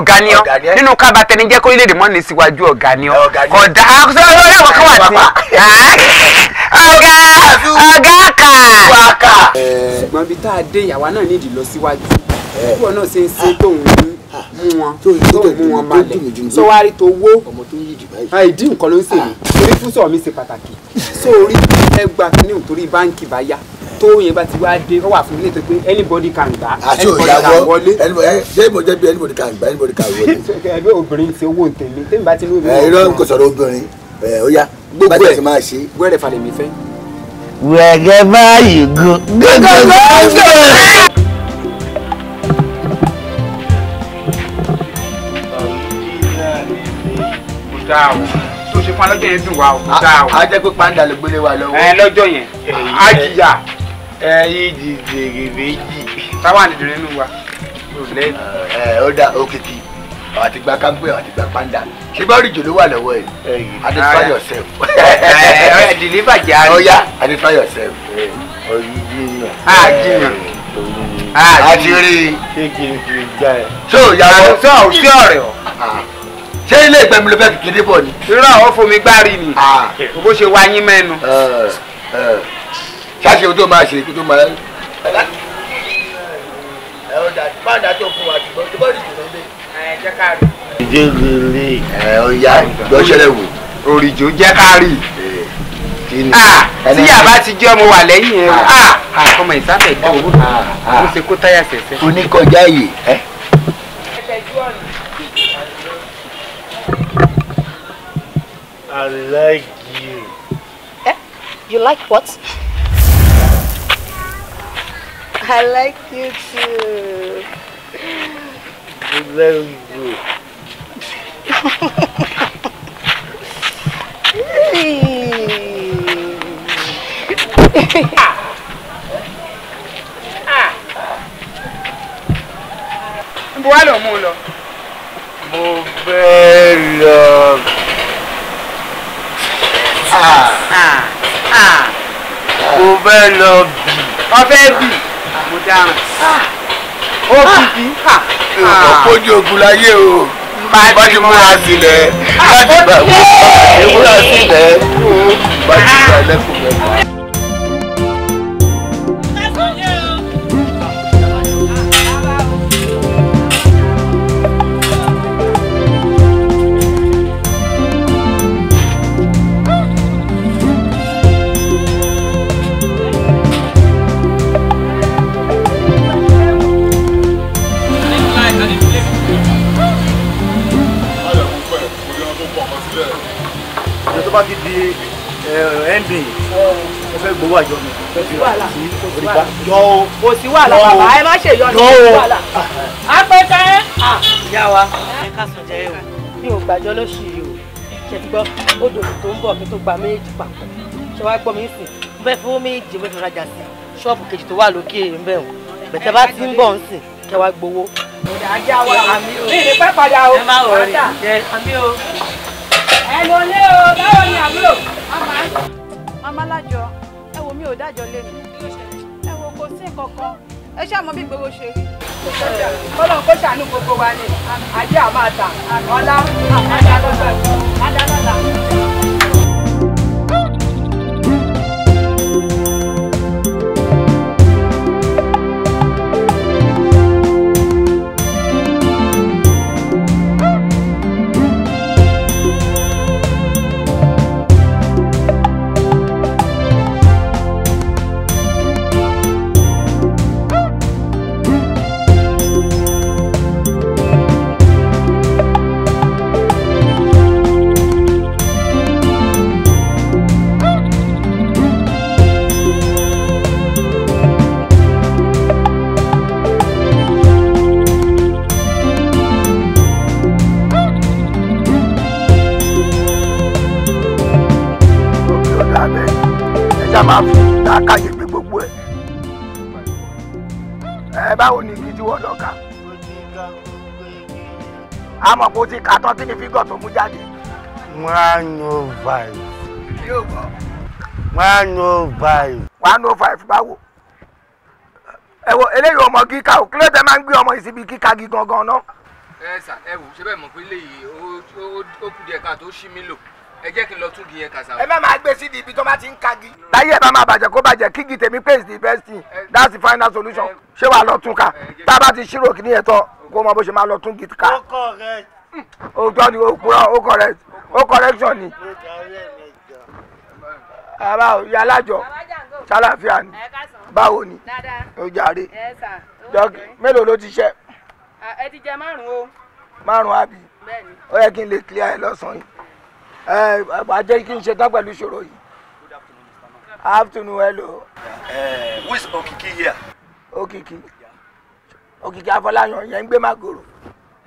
ọ̀gá ni ọ nínú ká bá tẹni jẹ́ kórílẹ̀-èdè mọ́ ní síwájú ọ̀gá ni ọ ọ̀dà àkọsílẹ̀ ọ̀rẹ́ ọ̀kọ́ wà tí ọ̀gá ọ̀gá kà. ṣùgbọ́n ibi tá a dé ìyàwó náà nídìí lọ síwájú púpọ̀ eh. náà ṣe ń ṣe tóun ah. mú wọn tóun mú wọn balẹ̀ sọwárí tó wó ah, ìdí nǹkan ló ń ṣe mí ah. torí fúnṣọ mi ṣe pàtàkì sórí ẹgbàá kìnìún torí báǹkì bá yá tó yẹn bá ti wá dé ó wà fún ilé tó pé anybody can gbà anybody can wọlé. Eh, ṣé ìbò jẹ́ bí anybody can gbà anybody can wọlé. ẹgbẹ́ obìnrin ti owó ntẹ̀lé tẹ́mi bá ti ní obìnrin. ẹ eh, irọ́ kò sọ̀rọ̀ obìnrin ẹ ó yá gbogbo ẹ wẹrẹ falẹ mi fẹ. wẹ̀gẹ́ báyìí go go go go. tó ṣe fún alọ́jọ́ yẹn dùn wá o. a jẹ́ pé pàǹdà ló gbélé wa lọ́wọ́. ẹ lọ́jọ́ yẹn a jìyà ẹ yí jìjì méjì. táwọn àlejò nínú wa. ẹ ó dà ó àti gba kágbé àti gba panda ṣé bá rí jòló wà lọ́wọ́ ẹ̀ identify yourself. ẹ deliver jaari. ọ̀ya identify yourself. ọ̀yíjìnà. àjìnà. àti rí. ṣé kí n fi gbà so yàrá sọ ò sí ọ̀rẹ́ o. ṣé ilé ìgbẹ́ mi ló fẹ́ kékeré bọ̀ ni. irú àwọn fomi gbárí ni bó ṣe wá yín mẹ́nu. ṣáṣe kó tó máa ṣe kó tó máa. ẹ ọ̀ dà pàdà tó fún wa ṣùgbọ́n tó bá rí jù jẹ́ ká rí. tí yàrá ti jẹ́ ọmọ wà lẹ́yìn ẹ̀ àkọmọ ah. ah, ah, ìsáfẹ́ ìtọ́ owó ló ṣe kó táyà sẹ̀sẹ̀. oníkọjá yìí. I like you. Eh? You like what? I like you too very good. Ibo wá lọ mú un lọ. Mo fẹ́ lọ. Mo fẹ́ lọ bì. Ó fẹ́ bì. Mo dáràn. Ah ó kìkì. ọ̀pọ̀jù ogun láyé o bá ti múra sílẹ̀ bá ti múra sílẹ̀ bá ti múra lẹ́kùn mẹ́ta. bá ti di eh, mb mo fẹ́ gbowó àjọ mi fẹ́ fi wàhálà sí òrìgbà yọ o. kò sí wàhálà bàbá ẹ má ṣe yọnu kò sí wàhálà. apẹta ẹ. ìyá wa ẹ ká sùn jẹ o. mi ò gbàjọ lóṣù yìí o ṣe ti gbọ́ odò tó ń bọ̀ kí tó gba méjì papọ̀ ṣe wá gbọ́ mi sìn mo fẹ́ fowó méjì mo fẹ́ rajà sí ṣọ́ọ̀bù kejì tó wà lókè ń bẹ̀ wọ́n bẹ̀tẹ̀ bá ti ń bọ̀ ń sìn kẹ́ wá gbowó. ọ̀dà ajá wa àmì o. mi ì ẹnu ilé o báwo ni àbúrò. màmá lájọ ẹ wo mi ò dájọ lé mi ẹ wo kò sí nǹkan kan ẹ ṣáà mọ bí gbogbo ṣe rí. kọ́lọ̀ kó ṣàánú gbogbo wa ni ajé àmọ́ àtà ọ̀la àdá lọ́la àdá lọ́la. máa fi làákàyè gbé gbogbo ẹ̀. ẹ báwo ni igi tí wọ́n lọ́ka. àmọ́ kò ti kà kí ni fígọ̀ tó mú jáde. one oh five. yóò gbọ́. one oh five. one oh five báwo. ẹ wo eléyìí ọmọ kíkà o kí ló dé máa ń gbé ọmọ ìsibí kíkà gí gangan náà. ẹ sà ẹ wò ṣe bẹ́ẹ̀ mọ̀ pé eléyìí ó kù díẹ̀ ká tó ṣí mi lò ẹ jẹ́ kí n lọ tún gi yẹn kàṣà. ẹ má máa gbé sídìí ibi tó bá ti ń kagi. láyé ẹ bá máa bàjẹ́ kó bàjẹ́ kígi tèmi pé is best thing that's the final solution ṣé wàá lọ tún ká tá a bá ti ṣírò kí ni ẹ tán kó mọ bó ṣe máa lọ tún gi ká. ó correct. ó tọ́ ni ó kúrọ́ ó correct ó correction ni. bàbá o yà lájọ ṣàlàfíà ni báwo ni ó jàre mélòó ló ti ṣe. ẹ ti jẹ márùn-ún o. márùn-ún àbí ó yẹ kí n lè clear ẹ lọ́sàn-án yìí ẹ wàá jẹ́ kí n ṣe tán pẹ̀lú ìṣòro yìí. afternoon hello. Eh, who is Okiki here? Okiki Okiki Afọláyan yẹn ń gbé magoro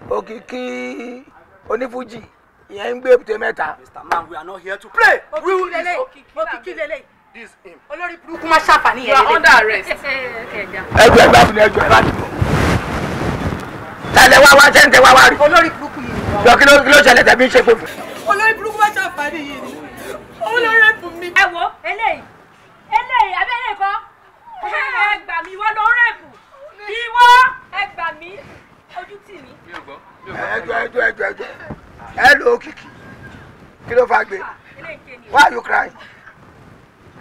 Okiki onífújì yẹn ń gbé èbúté mẹ́ta. Mr. Man we are not here to play. Okiki lele Okiki lele olórí burúkú má ṣàfàní yẹn lele. you are under arrest. ẹgbẹ́ ẹgbẹ́ àfihàn ẹgbẹ́ ẹgbẹ́ àfihàn. tẹ̀lé wá wá tẹ̀lé wá wá rí. olórí burúkú yìí. jọ kí ló kí ló ṣẹlẹ̀ tẹ̀mí ṣe fòfin ṣàǹfààní yìí ni òun ló mi. ẹ wo eléyìí eléyìí abẹ́lé kọ́ ẹ gbà mí wọ́n ló rẹ́pù ìwọ ẹ gbà mí ojú tì mí. ẹjọ ẹjọ ẹjọ ẹjọ ẹ lo òkìkí kí ló fà gbé why you crying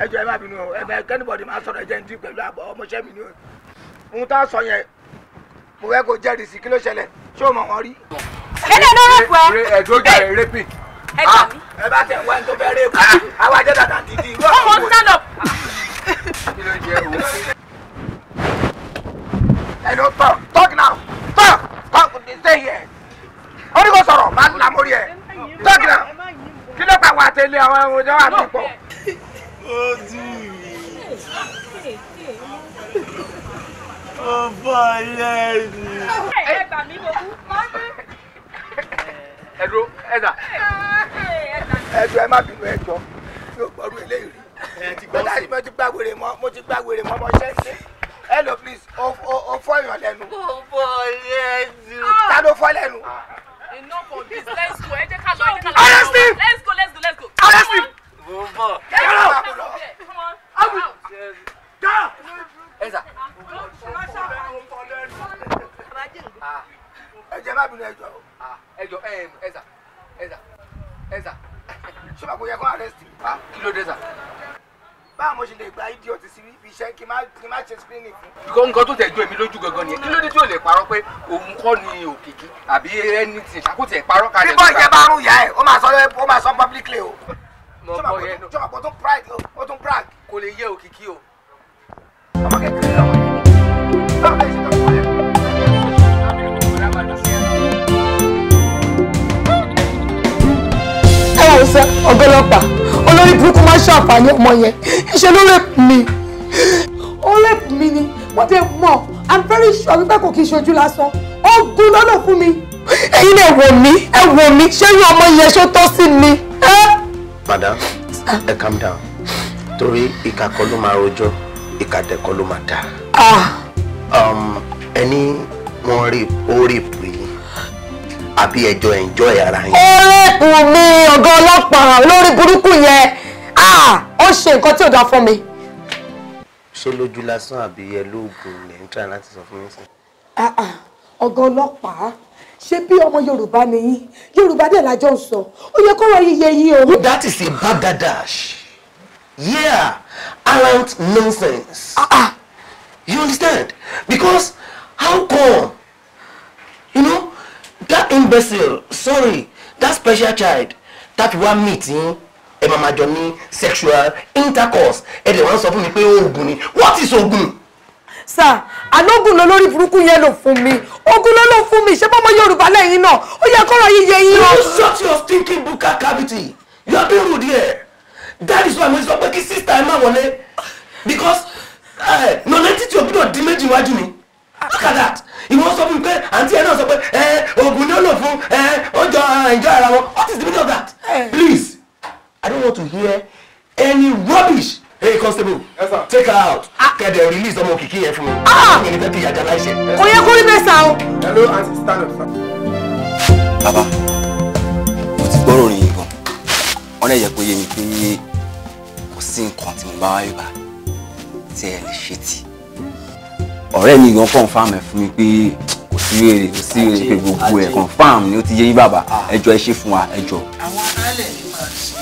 ẹ ẹ má bínú ẹ bẹ kẹ́nìbọ̀dì máa sọ̀rọ̀ ẹ̀jẹ̀ ní pẹ̀lú àbọ̀ ọmọọṣẹ́ mi ni o ohun tá sọ yẹn mo fẹ́ kó jẹ́rìí sí kí ló ṣẹlẹ̀ ṣé o mọ̀ wọ́n rí. ẹ lè lọ rẹ̀ pẹ́. ẹ̀dùn ó jà rẹ̀ rẹ́pì ẹ gbà mí. Ah, ah, stand up. talk now talk talk stay here oníkó sọ̀rọ̀ máa ń lamórí ẹ talk now kí ló pa wà tẹ́lẹ̀ àwọn ẹ̀wọ̀n ìjọba àti pọ̀. ó dùn mí ọba ilé ẹ̀sìn. ẹ gbà mí mo kú ẹdúró ẹdà ẹdúró ẹ má bínú ẹjọ yóò gbọdú eléyìí rí bọ́dà mo ti gbá wèrè mọ́ mo ti gbá wèrè mọ́ mo ṣe ṣe hello please o fọ èèyàn lẹ́nu. o fọ lẹ́nu. ta ló fọ lẹ́nu. enough of this let's go ẹ jẹ́ ká lọ ẹ jẹ́ ká lọ. arrest him let's go let's go let's go. arrest him. mo bọ̀. kẹ́rọ abu kẹ́rọ. ẹ̀sà. ẹ jẹ́ má bínú ẹjọ́ o ẹjọ ẹ eh, ẹza ẹza ẹza ṣé màá kó yẹ kó arrest mi pa kí ló dé sà. báwo mo ṣe lè gba idiot sí ibi iṣẹ́ kí n má kí n má ṣe screening fún. nǹkan nǹkan tó tẹ̀ ju èmi lójú gangan nìyẹn kí ló dé tí ò lè parọ́ pé òun kọ́ ni òkìkí àbí ẹni tí ìṣàkóso ẹ̀ parọ́ kalẹ̀. bíbọ̀ ìjẹ́ bá rú ìyá ẹ̀ ó máa sọ ó máa sọ publicly o. mo mọ yẹn nù. sọ́mà kò tún pride o tún brag. kò lè yẹ òkìkí o. ọmọ kẹ̀kẹ́ lọ́wọ́ yẹn. iṣẹ́ ọgọ́lọ́pàá olórí burúkú máa ń ṣàǹfààní ọmọ yẹn iṣẹ́ ló rẹ̀ mí ó rẹ̀ mí ni mo dé mọ̀ i'm very sure wípé kò kí n ṣojú lásán ó gún lọ́nà fún mi. ẹ̀yin lè wò mí ẹ wò mí ṣé yín ọmọ yẹn ṣó tọ́ sí mi. madam ẹ calm down torí ìkà kan ló máa rojọ́ ìkà dẹ̀ kan ló máa dà. Ah. Um, ẹni wọ́n rí ó rí àbí ẹjọ́ enjoy ara yín. ọ̀rẹ́kùn mi ọ̀gá ọlọ́pàá olórí burúkú yẹn ah, ó ṣe nǹkan tí ò dáa fún mi. ṣé lójú lásán àbí ẹ lè ń tà láti sọ fún mi sí. Ah, ah, ọ̀gá ọlọ́pàá ṣé bí ọmọ yorùbá ni yín yorùbá dẹ̀ lájọ ń sọ ó yẹ kọ́rọ̀ yíyẹ yín o. that is a bagadash yeah arrant nonsense ah, ah. you understand because how come you know that imbecile sorry that special child that one meeting, yín ẹ máa jọ ní sexual intercourse ẹ dẹ̀ wọ́n sọ fún mi pé oògùn ni what is oògùn. sir alógún ló lórí burúkú yẹn ló fún mi ogun ló ló fún mi ṣé bọ́mọ yorùbá lẹ́yìn náà ó yẹ kọ́ra yíyẹ yín you shut your thinking buka cavity you are being rude here that is why mo sọ pé kí sista ẹ má wọlé because eh, nonentity òbí náà di méjì iwájú mi look at that ìwọ sọ fún mi pé àǹtí ẹ náà sọ pé ẹ oògùn ni ó lò fún ẹ ó jọ ara wọn what is the meaning of that eh. please i don't want to hear any rubbish hey constable yes, sir. take her out ah. kẹ̀dẹ̀ release ọmọ òkìkí yẹn fún mi ah. ọmọ ìfẹ́ kí yàjà láì ṣe. kò yẹ kó rí bẹ́ẹ̀ sá o. hello aunty stand up sir. bàbá mo ti gbọ́rọ̀ rìn yìnbọn wọ́n lè yẹ kó yé mi pé kò sí nǹkan tí mo bá wáyé bá tí ẹ lè ṣe tì ọ̀rẹ́ mi gan confam ẹ̀ fún mi pé kò sí rere kò sí rere pé gbogbo ẹ̀ confam ni ó ti yé yín bàbá ah. ẹ ẹ ṣe fún wa ẹ àwọn alálẹ̀ ni màá sí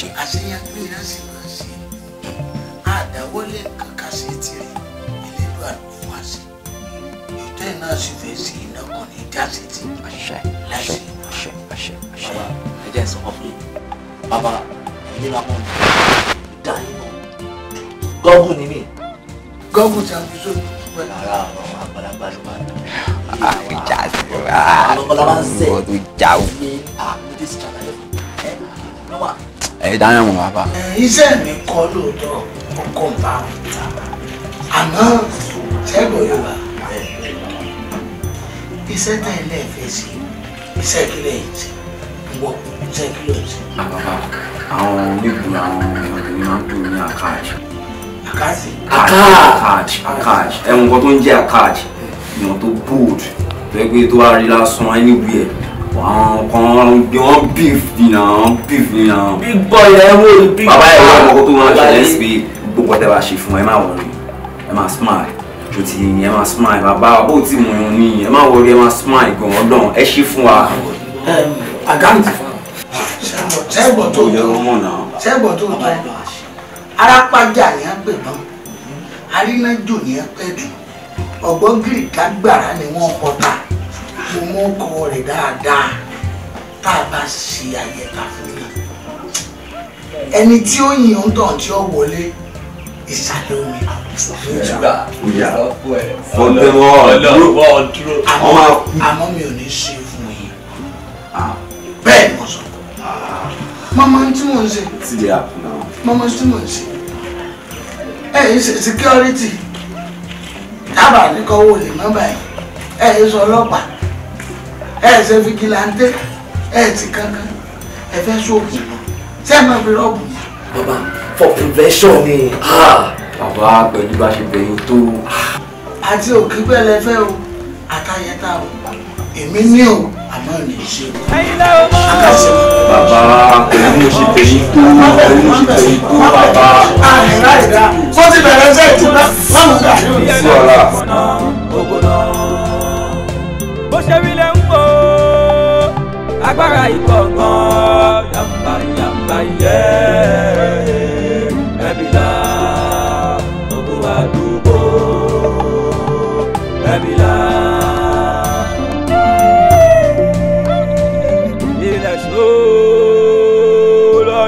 i àṣeyàgbé náà sì máa sí i àdáwọlé kàkà sí tirẹ̀ ìlélu àdúgbò wá sí i ẹ̀ náà sì fẹ́ sí iná kan ní ìjà sí láìsí ìmọ̀ bàbá ẹ̀jẹ̀ sọ̀kọ̀ fún mi bàbá ìlera mọ́ dá iná gọ́gùn ni mí gọ́gùn tí a fi sóòtú pẹ́. ara àwọn àgbàlagbà ló máa ń bí àwọn ìjà sí wa lọ́kọ́lọ́wọ́ ń sẹ́ ìwọ tó já o. ẹ dáná mọ bàbá. iṣẹ́ mi kọ́ lóòótọ́ ọkọ̀ ń bá wọn ta àmọ́ ṣẹ́gun yorùbá iṣẹ́ tẹ̀ ẹ́ lẹ́ẹ̀fẹ́ sí iṣẹ́ kílẹ̀ yìí sí wọ iṣẹ́ kílẹ̀ yìí sí. àwọn onígun àwọn obìnrin máa ń dùn ní àkáàtì akad akad ẹ̀wọ̀n kan tó ń jẹ́ akad èèyàn tó bold pẹ́pẹ́ tó wá rí lásán anywhere àwọn kan bí wọ́n beef ni na beef ni na. big boy ẹ wo ni big boy. bàbá ẹ̀ wọ́n ọkọ̀ tó máa ṣẹlẹ̀ sí pé gbogbo ọ̀tẹ̀ bá ṣe fún ẹ má wọrí ẹ má smile ju ti ẹ má smile bàbá bó ti mọ̀ ẹ̀ ní ẹ má wọrí ẹ má smile gan ọdún ẹ ṣe fún wa. àgáǹtì fún wa. ṣẹ́gbọ̀n tó yọ ṣẹ́gbọ̀n tó yọ arápájà ni á gbẹ̀bọ́n arínájò ni á pẹ̀dùn ọ̀gbọ́ngìrì kágbàrá ni wọ́n kọta mo mú ọkọ rẹ̀ dáadáa tá a bá ṣe àyẹ̀ká fún mi ẹni tí ó yin ohun tán tí ó wọlé ìsàlẹ̀ omi ìjọba fọdẹ́wọ́ ọ̀dúró àmọ́ mi ò ní ṣe fún yín bẹ́ẹ̀ ni mo sọ ah. mọ́mọ́ tí mo ń ṣe mọ́mọ́ tí mò ń ṣe ẹ̀yin ṣe síkírọ́rìtì dábàá ní kọ́ owó lè Hey, it's a sọ Hey, it's a fìgìláńtẹ́ Hey, it's a ẹ̀ fẹ́ ṣoògùn ṣé ẹ̀ máa fi rọ́ọ̀bù yìí. bàbá for prevention ni ah! bàbá pẹ̀lú bá ṣe bẹ̀yìn tó. àti òkè pẹ̀lẹ́fẹ́ I àtàyẹ̀tà o èmi ní o àmọ́ ní ṣe o. bàbá pẹ̀lú mo ṣe tẹ̀yìn tó pẹ̀lú mo ṣe tẹ̀yìn tó bàbá. àìrá ìdá tó ti bẹ̀rẹ̀ ṣe ìtura láwọn gbà yóò ní sí ọ̀la. bó ṣe wí lẹ́ ń wo agbára ìkọ̀ọ̀kan yàmbá yàmbá yẹ́.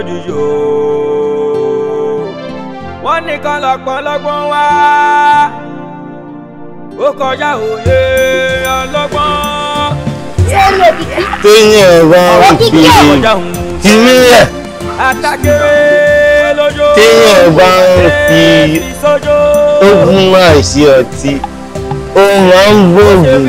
jù yòó wọ́n nìkan lọ́pọ̀ lọ́gbọ́n wá ó kọjá òye ọlọ́gbọ́n. téèyàn ẹ̀rọ ìpìlẹ̀ tìmí rẹ̀. àtàkèrè lójó. téèyàn ń fi ogun àìsí ọtí ó máa ń gbóògùn jù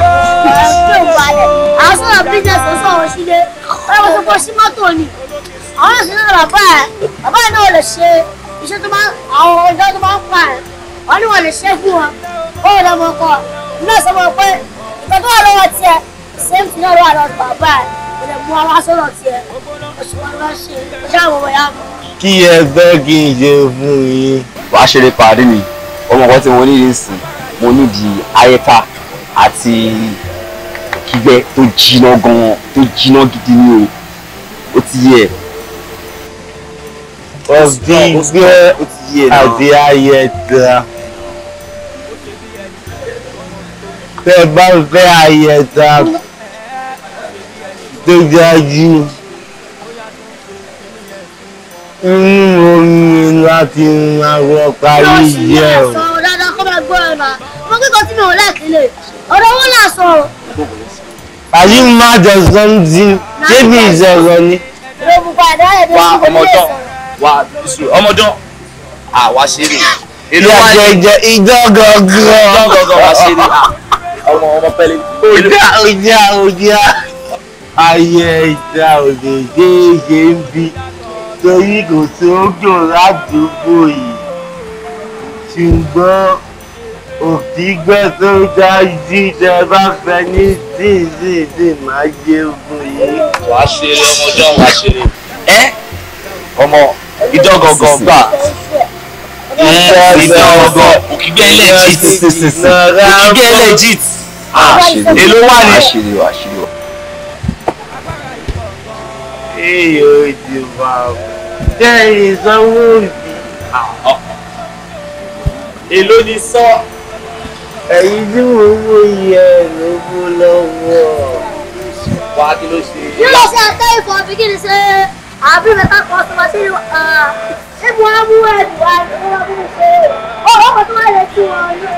wà business ọ̀sán ọ̀hún sílé ọ̀rẹ́ wọn ti kọ́ sí mọ́tò ni àwọn èsì náà bàbá ẹ̀ bàbá ẹ̀ náà lè ṣe iṣẹ́ tó máa àwọn ọjọ́ tó máa ń pa ẹ̀ wọ́n ní wọ́n lè ṣe fún wọn ó wọ́n lọ́mọ ọkọ náà sọ ma pé ìgbà wà lọ́wọ́ tiẹ̀ same thing náà ló lọ́wọ́ bàbá ẹ̀ kò lè mú ọwọ́ sọ̀rọ̀ tiẹ̀ kí ẹ fẹ́ kí n ṣe fún yín. wàá ṣeré pàdé mi ọmọ kan tí mo ní ìsìn mo nídìí ayẹta àti kígbẹ́ tó jiná gan-an tó jiná gidi ni o ó ti yẹ. ọ̀gbìngbẹ́ àti ayẹ̀dá tẹ bá fẹ́ ayẹ̀dá tó ga inú omi láti máa wọ parí yẹ o. ọ̀rọ̀ ṣì ń yà sọ rárá máa gbọ́ ẹ̀ máa mo kíkọ́ tí mi ò ọ̀rọ̀ owó náà sọ̀rọ̀. Are you mad or something? Ṣébi ìsọ̀rọ̀ ni. Wa ọmọdán, wa ọmọdán, àwa ṣeré. Ìlú wa jẹ jẹ ìjọ gọgọ. Ìjọ gọgọ wa ṣeré. Ọmọ ọmọ pẹ̀lẹ́. Òjá òjá òjá. Ayé ìta òdèdè ṣe ń bí torí kò sóògùn ládùúgbò yìí. Ṣùgbọ́n òfìgbẹ́ tó ń já jíjẹ bá fẹ́ ní díndíndí máa jẹ ogun yìí. wàá ṣeré ọmọdé wàá ṣeré. ẹ ọmọ idán gangan gbà idán gangan òkìgbẹ́ legit òkìgbẹ́ legit ah, èló wà ní. wàá ṣeré wàá ṣeré wà. èyí ò di wa o oh, ìsanwó òbí. Ah, oh. èló ni sọ. So ẹ̀yin tí mo wó yẹ ló mú lọ́wọ́. wá kí ló ṣe. kí ló ṣe ẹ̀ka ìfọ̀ bí kí ni ṣe àbúrò mẹ́ta kan sọ wá sí ibu amú ẹ̀dùn wa ni wọ́n mú ṣe ọ̀rọ̀ kan tó wà lè tún wọn lọ.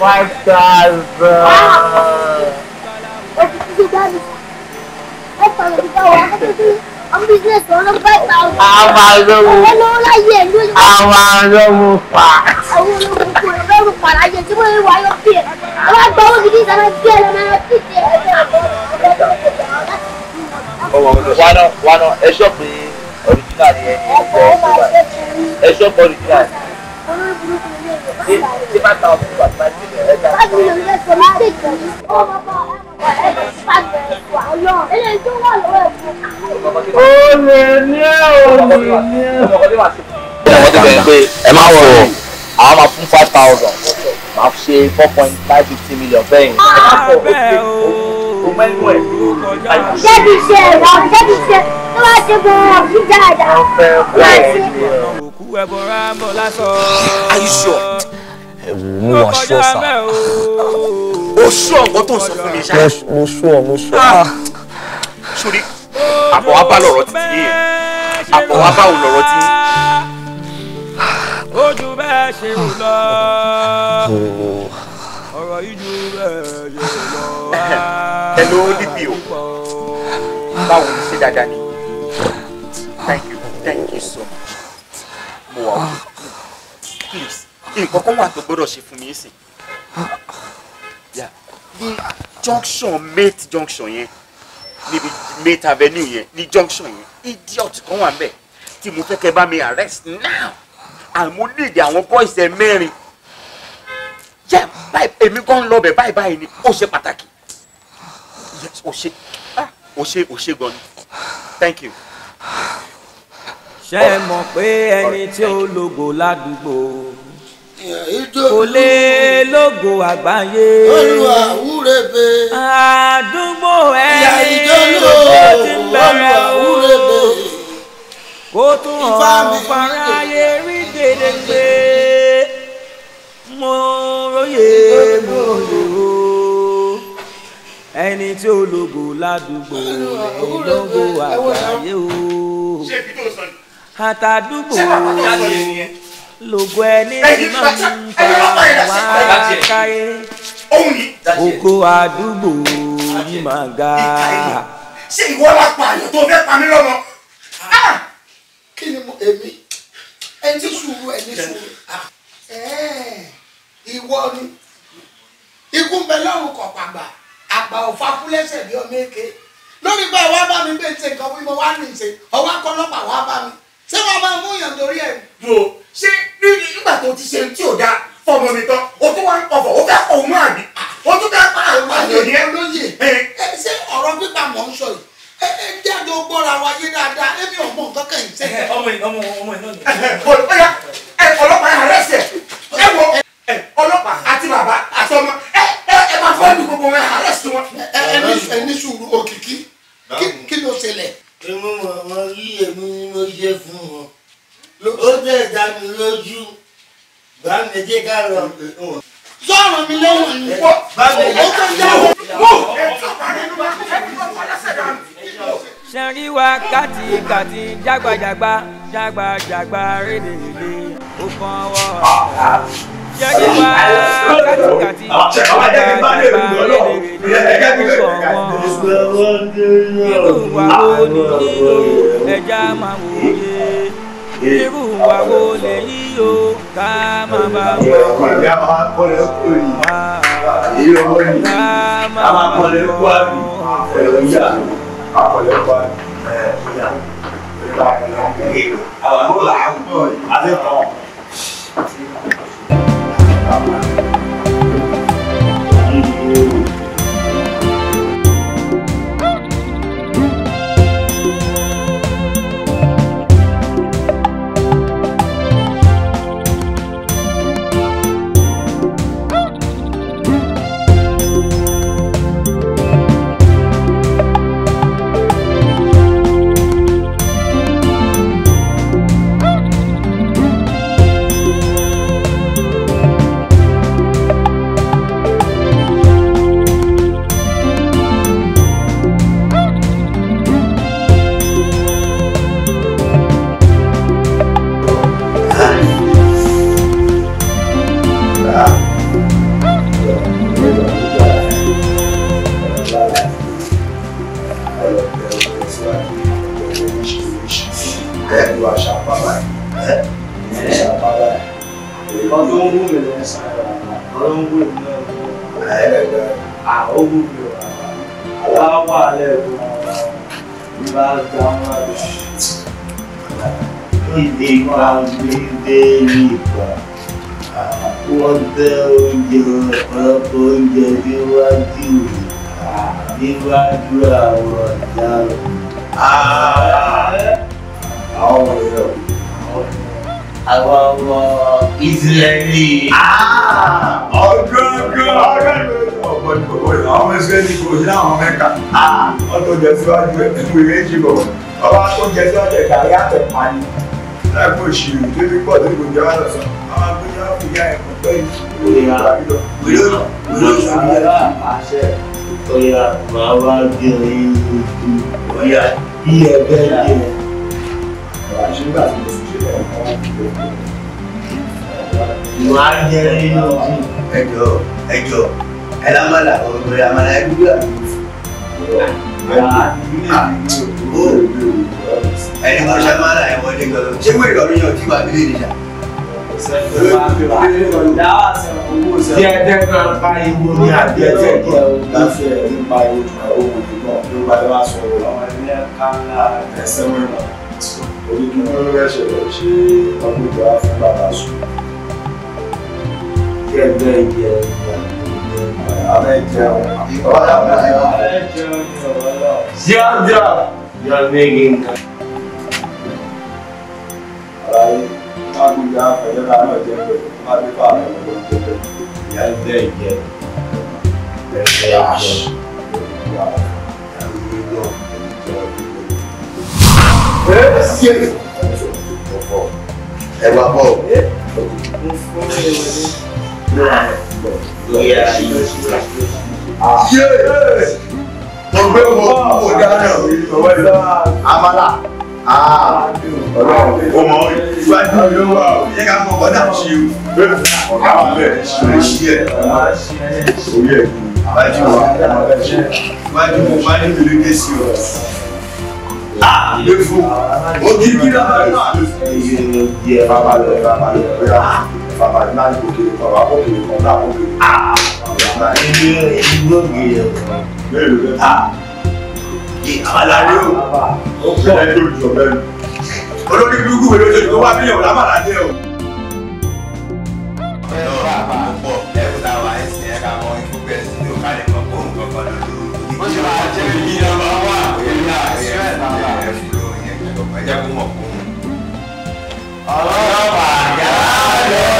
Five thousand. Ah, ó ti àwọn olówó àwọn olówó pa. àwọn olówó ṣé bá ta ọdún wà bá ti rẹ̀ ẹ̀dá. bá ti rẹ̀ sọ máa ń tètè ní ọmọ bá ẹ̀rọ bá bẹ̀rẹ̀ wà lọ. eléyìí tó wà lọ́wọ́ ẹ̀kọ́. ó lè ní ọ̀nì ní. ọmọkọ́dé bẹ̀rẹ̀ pé ẹ má wọ̀ ọ́ àwọn máa fún five thousand máa ṣe four point five fifty million bẹ́ẹ̀ ni. ààbẹ̀ o ṣebí ṣe ẹ̀rọ ṣebí ṣe tó wá ṣe bọ̀ ọ̀rọ̀ sí dáadáa. òkú ẹ̀bọ̀ra ń bọ̀ lásán ẹ̀wò mú wọn ṣọ́ sá. o ṣú ọ̀gbọ́n tó ń sọ fún mi ṣá. mo ṣú ọ mo ṣú ọ. Ah. sori àbọ̀ wa bá lọ̀rọ̀ ti yé e àbọ̀ wa bá lọ̀rọ̀ ti. Ah. ojú bẹ́ẹ̀ ṣe wù lọ ah. oh. ọ̀rọ̀ ìjú bẹ́ẹ̀ ṣe lọ. ẹ ló níbi o báwo ni ṣe dáadáa ni thank you thank you so much mo please nǹkan kan wà tó gbọ́dọ̀ ṣe fún mi sí ní junction mate junction yẹn níbi mate avenue yẹn ní junction yẹn idiot kan wà ńbẹ̀ tí mo fẹ́ kẹ́ bá mi arrest now àmọ́ nídìí àwọn boys ẹ mẹ́rin yẹ báyìí èmi gan lọ bẹ̀ báyìí báyìí ni ó ṣe pàtàkì yes ó ṣe ah, ó ṣe ó ṣe gan ni thank you. ṣé ẹ mọ̀ pé ẹni tí ó lògò ládùúgbò kò lè lógo àgbáyé olùwàwúrẹ́bẹ àdúgbò ẹni ló ti ń bẹ̀rẹ̀ òwúrẹ́bẹ kó tún ọ̀rọ̀ faráyé rí dèdè pé mo róye mo lò ó ẹni tí ó lógo ládùúgbò ẹni lógo àgbáyé o àtàdúgbò o lògo ẹni tí máa ń fa wá káyé ògo àdúgbò yìí máa ga. ṣé ìwọ la pa àyàn tó fẹ́ pa mí lọ́mọ? Ah! Ah! kí ni mo èmi ẹni sùúrù ẹni sùúrù ah! ìwọ ni ikú ń bẹ lọ́rùn kọ̀ pàgbà àgbà òfa kúlẹ̀ṣẹ̀ bí ọmọ èké lórí bá wa bá mi gbé ṣe nǹkan wí mo wá ní ṣe ọwọ́ akọ́lọ́pàá wa bá mi ṣé wọn máa mú yàn torí ẹ. wo ṣé nígbà tó ti ṣe tí ò dáa fọmọ mi tán o tún wá ń kọfọ o fẹ́ òun àbí o tún fẹ́ pa àwọn àyè olóyè ẹ ṣé ọ̀rọ̀ pípa mọ̀ ń sọ yìí ẹ ẹ jáde ó gbọ́ra wa yé dáadáa ẹbí ọmọ nǹkan kan yìí sẹ́yìn. ọmọ yìí ọmọ ọmọ yìí náà ni. bóyá ẹ ọlọ́pàá yà rẹ̀ ẹ wo ọlọ́pàá àti bàbá àti ọmọ ẹ ẹ máa fọ́ọ̀lù gbogbo wọn yà rẹ̀ wọn. ẹ ẹ ní sùúrù òkìkí kí ló ṣẹlẹ̀ èmi mọ̀ wọ́n èmi ni mo ṣe fún wọn ó dẹ̀ dá mi lójú bá mi dé ká lọ. sọ̀rọ̀ mi lẹ́wọ̀n ní kọ́ owó tó jáwọ́. sẹ́rí wa kàtìkàtì jágbàjàgbà jágbàjàgbà rédèrèdè ó kàn wọ́. sẹ́rí wa kàtìkàtì. ìyá máa kọ́lẹ̀ kú yìí èyí a máa kọ́lẹ̀ a kọ́lẹ̀ ogun mi o aláwọ̀ alẹ́ ẹ̀gbọ́n ìbá gba wọn lọ. Ìdè kan gbé dé ìgbà. Wọ́n tẹ oúnjẹ ọ̀pọ̀lọpọ̀ oúnjẹ níwájú níwájú àwọn ọ̀daràn. Àwọn ọ̀rọ̀ àwọn ọmọ Ísírẹ́lì. Ah! Ọ̀gọ́gọ́ ọmọ ìsirẹ́lì kò sí láwọn mẹ́ka wọ́n tó jẹ síwájú ẹ̀ fún ìwé jì bọ̀ ọba tó jẹ síwájú ẹ̀ gàrí àtẹ̀pá ni láìpẹ́ òṣèlú tó ti pọ̀ tó kò jẹ́ wá lọ́sàn ọba tó jẹ́ wá fìyà ẹ̀ pọ̀ pé ìwé àbílọ̀ wílọ́nà wílọ́nà ẹjọ́ ẹjọ́ ẹlámàlà ọ̀rọ̀ àmàlà ẹgbẹ́ ẹni wọn ṣe máa ń láyé wọlé gbọdọ ṣé wọ́n ìrọ̀rùn yàn kí wàá bílẹ̀ nìyà. Díẹ̀dẹ́ kan pariwo ní àdíẹ̀dẹ́ kan láti ẹ̀rí pariwo ju àwọn òkùnkùn náà ló bá dá sọ̀rọ̀ àwọn ẹni ẹ̀ka ńlá ẹ̀sẹ̀ mẹ́rin onídùúró ló rẹ̀ṣẹ̀ lọ ṣe ọdún ìjọba fún bàbá sùn. Díẹ̀dẹ́ ìyẹn ìyẹn. Ziadra, you are making. Ẹ wá bọ̀. Mo fún ẹ̀wọ̀n ní mo gbé wo kúrò dáná amala ọlọ́run o mọ̀ iwájú ló wà o yẹ ká fọ bọ́dà ṣí o ọ̀gá wa bẹ̀rẹ̀ ṣí o ṣí ẹ̀ orí ẹ̀ iwájú wa iwájú mo máa ní ìlú dé sí o àléfò ògìgì náà lọ́wọ́ àléfò bàbá lọ bàbá lọ bàbá lọ bàbá náà ní òkèlè bàbá òkèlè kan ah! náà òkèlè. bàbá ilé ìlú ògèrè ọ̀hún. mélòó ah! bẹ́ẹ̀. a ní àbálàyé olórí dúkú wèrè oṣooṣù tó wá bílíọ̀nù lábàlá jẹ́ o. ẹ bàbá ẹ kò tá a ẹ̀ka kan ìfúgbẹ́ sí ní òkàlẹ̀ kan kó nǹkan kan lọ́dún. bó ṣe máa jẹ́ bí nọ́mbà wà òyìnbá ẹ̀ṣẹ̀ bàbá ẹ̀ fúlọ̀ yẹn kẹ́kọ̀ọ́ ẹ̀ jẹ́ kó mọ̀ kó. ọlọ́pàá yàrá lọ.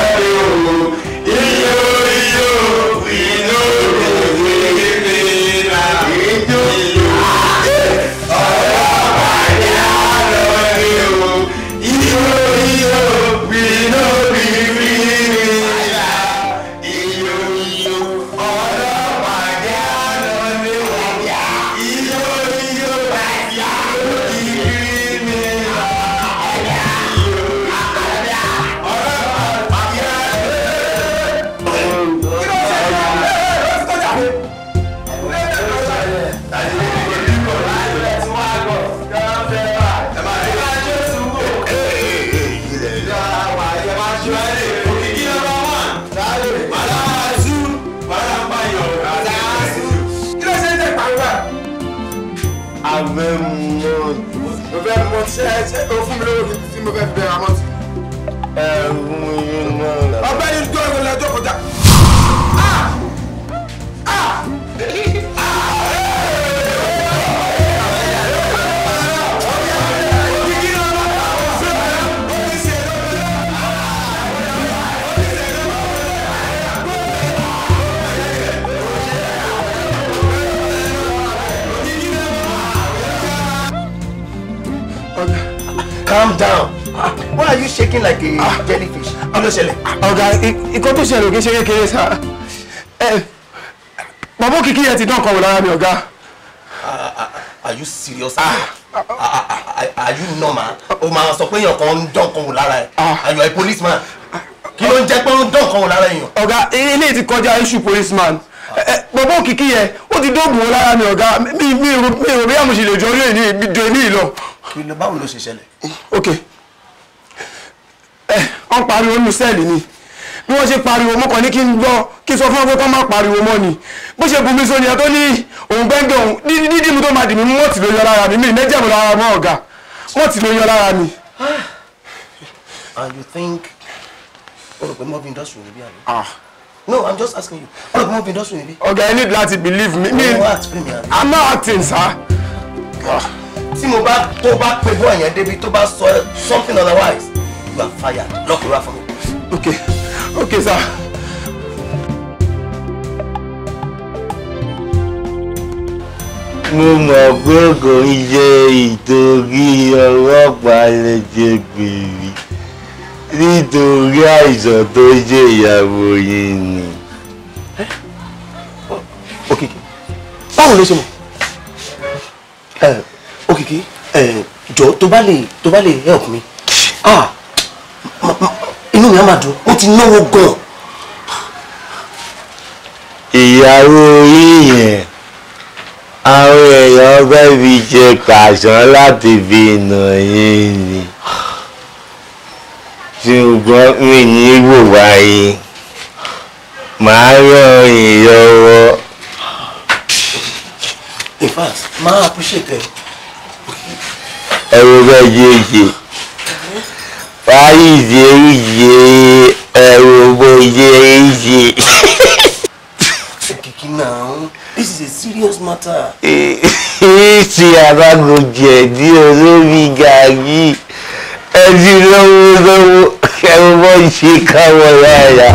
ṣẹlẹ̀ òkè ṣe kékeré sá bàbá òkìkí yẹn ti dán kan wò lára mi ọ̀gá. Ah, ah, ah, are you serious? Ah. are you normal? o máa sọ pé èèyàn kan ń dán kan wò lára ẹ̀ àyàn ẹ̀ policeman kí ló ń jẹ́ pé ó ń dán kan wò lára èèyàn. ọ̀gá eléyìí ti kọjá issue policeman bàbá òkìkí yẹn ó ti dóògùn wọn lára mi ọ̀gá mi mi ò bí àmùsí lè jọ orí èyí ju èyí lọ. kí ló báwo ló ṣe ṣẹlẹ̀. ok ẹ ọ̀n pariwo nù sẹ́ẹ̀lì ni wọ́n ṣe pariwo mọ́ kàn ní kí n gbọ́ kí sọ fún ọ kọ́ má pariwo mọ́ ni bó ṣe bùnmi sóni ẹ tó ní òun gbẹ́ngẹ́ òun dídí mi tó máa dì mọ́ tì ló yọ lára mi mi nẹ́jẹ̀ mi lára mọ́ ọ̀gá mọ́ tì ló yọ lára mi. Ah. and you think o rò pé mob industry àná. Ah. no i'm just asking you o rò pé mob industry ni bí. need láti believe me. mi i'm not acting sir. God. Ah. tí mo bá tó bá pe bọ́ọ̀yàn débi tó bá sọ something otherwise you are fired lọ́kùnrin wá fún mi. okay. Okay, sir. mo mọ̀ pé kò ń ṣe ìtorí ọlọ́pàá lè ṣe gbèrè nítorí àìsàn tó ṣe ìyàwó yìí ni. òkìkí báwo ló ṣe mọ̀ òkìkí jọ tó bá lè tó bá lè help me. Ah amadu ó ti náwó gan. ìyàwó yín yẹn àwọn èèyàn fẹ́ fi ṣe pàṣán láti fi nà yín ni ṣùgbọ́n mi ní wò wáyé màá ràn yín lọ́wọ́. in fact máa appreciate ẹ. ẹ̀rọ bẹ́ẹ̀ yéye ráyìíye yíye ẹ̀rọ bóyé yíye. kìkì náà this is a serious matter. ti alágòjì ẹ̀dí olórí gàrí ẹ̀dí lọ́wọ́ lọ́wọ́ ẹ̀rọ bọ́ ṣe káwọ́ yára.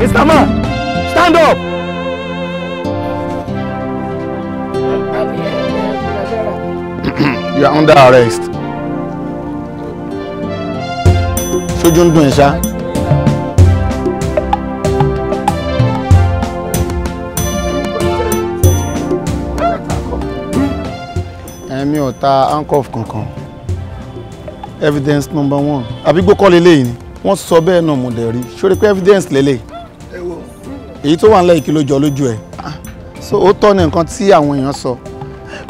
Mr. Man, stand up! you are under arrest. ṣojú ń dùn ẹ̀ ṣá. ẹ̀mí hmm? ò ta handcuff kankan evidence number one àbí gbókọ́ lélẹ́yìn ni wọ́n sọ bẹ́ẹ̀ náà mo dẹ̀ rí ṣó rí pé evidence lélẹ́yìn èyí tó wà ńlẹ̀ ìkìlójọ lójú ẹ̀ ah. so ó tọ́ ni nǹkan tí àwọn èèyàn sọ. So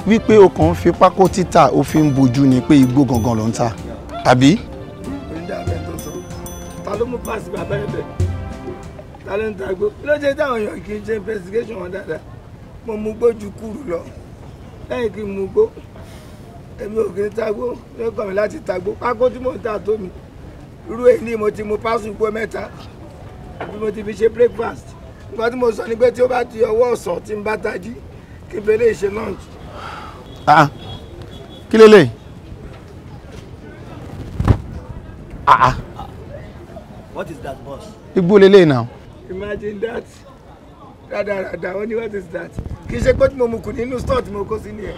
wípé o kàn ń fi pákó títà o fi ń bojú ni pé igbó gangan ló ń ta àbí. ta ló mú páàsì bàbá ẹ bẹ ta ló ń ta gbó ló ṣe táwọn èèyàn kì í ṣe investigation wọn dáadáa mo mú gbójú kúrú lọ lẹ́yìn kí n mú gbó èmi ò kì í ta gbó ló kàn mí láti ta gbó pákó tí mò ta tó mi irú èyí ni mo ti mú páàsì gbó mẹ́ta bí mo ti fi ṣe breakfast nǹkan tí mo sọ ni pé tí ó bá ti ọwọ́ ọ̀sán tí n bá tají kí n fẹ́ lè ṣe lunch Ah, ah kí lélẹ̀ ah, ah what is that boss. igbó lélẹ̀ náà. imagine that rádaràdà ó ní what is that kì í ṣe pé mo mú kù nínú store tí mo kó sí nìyẹn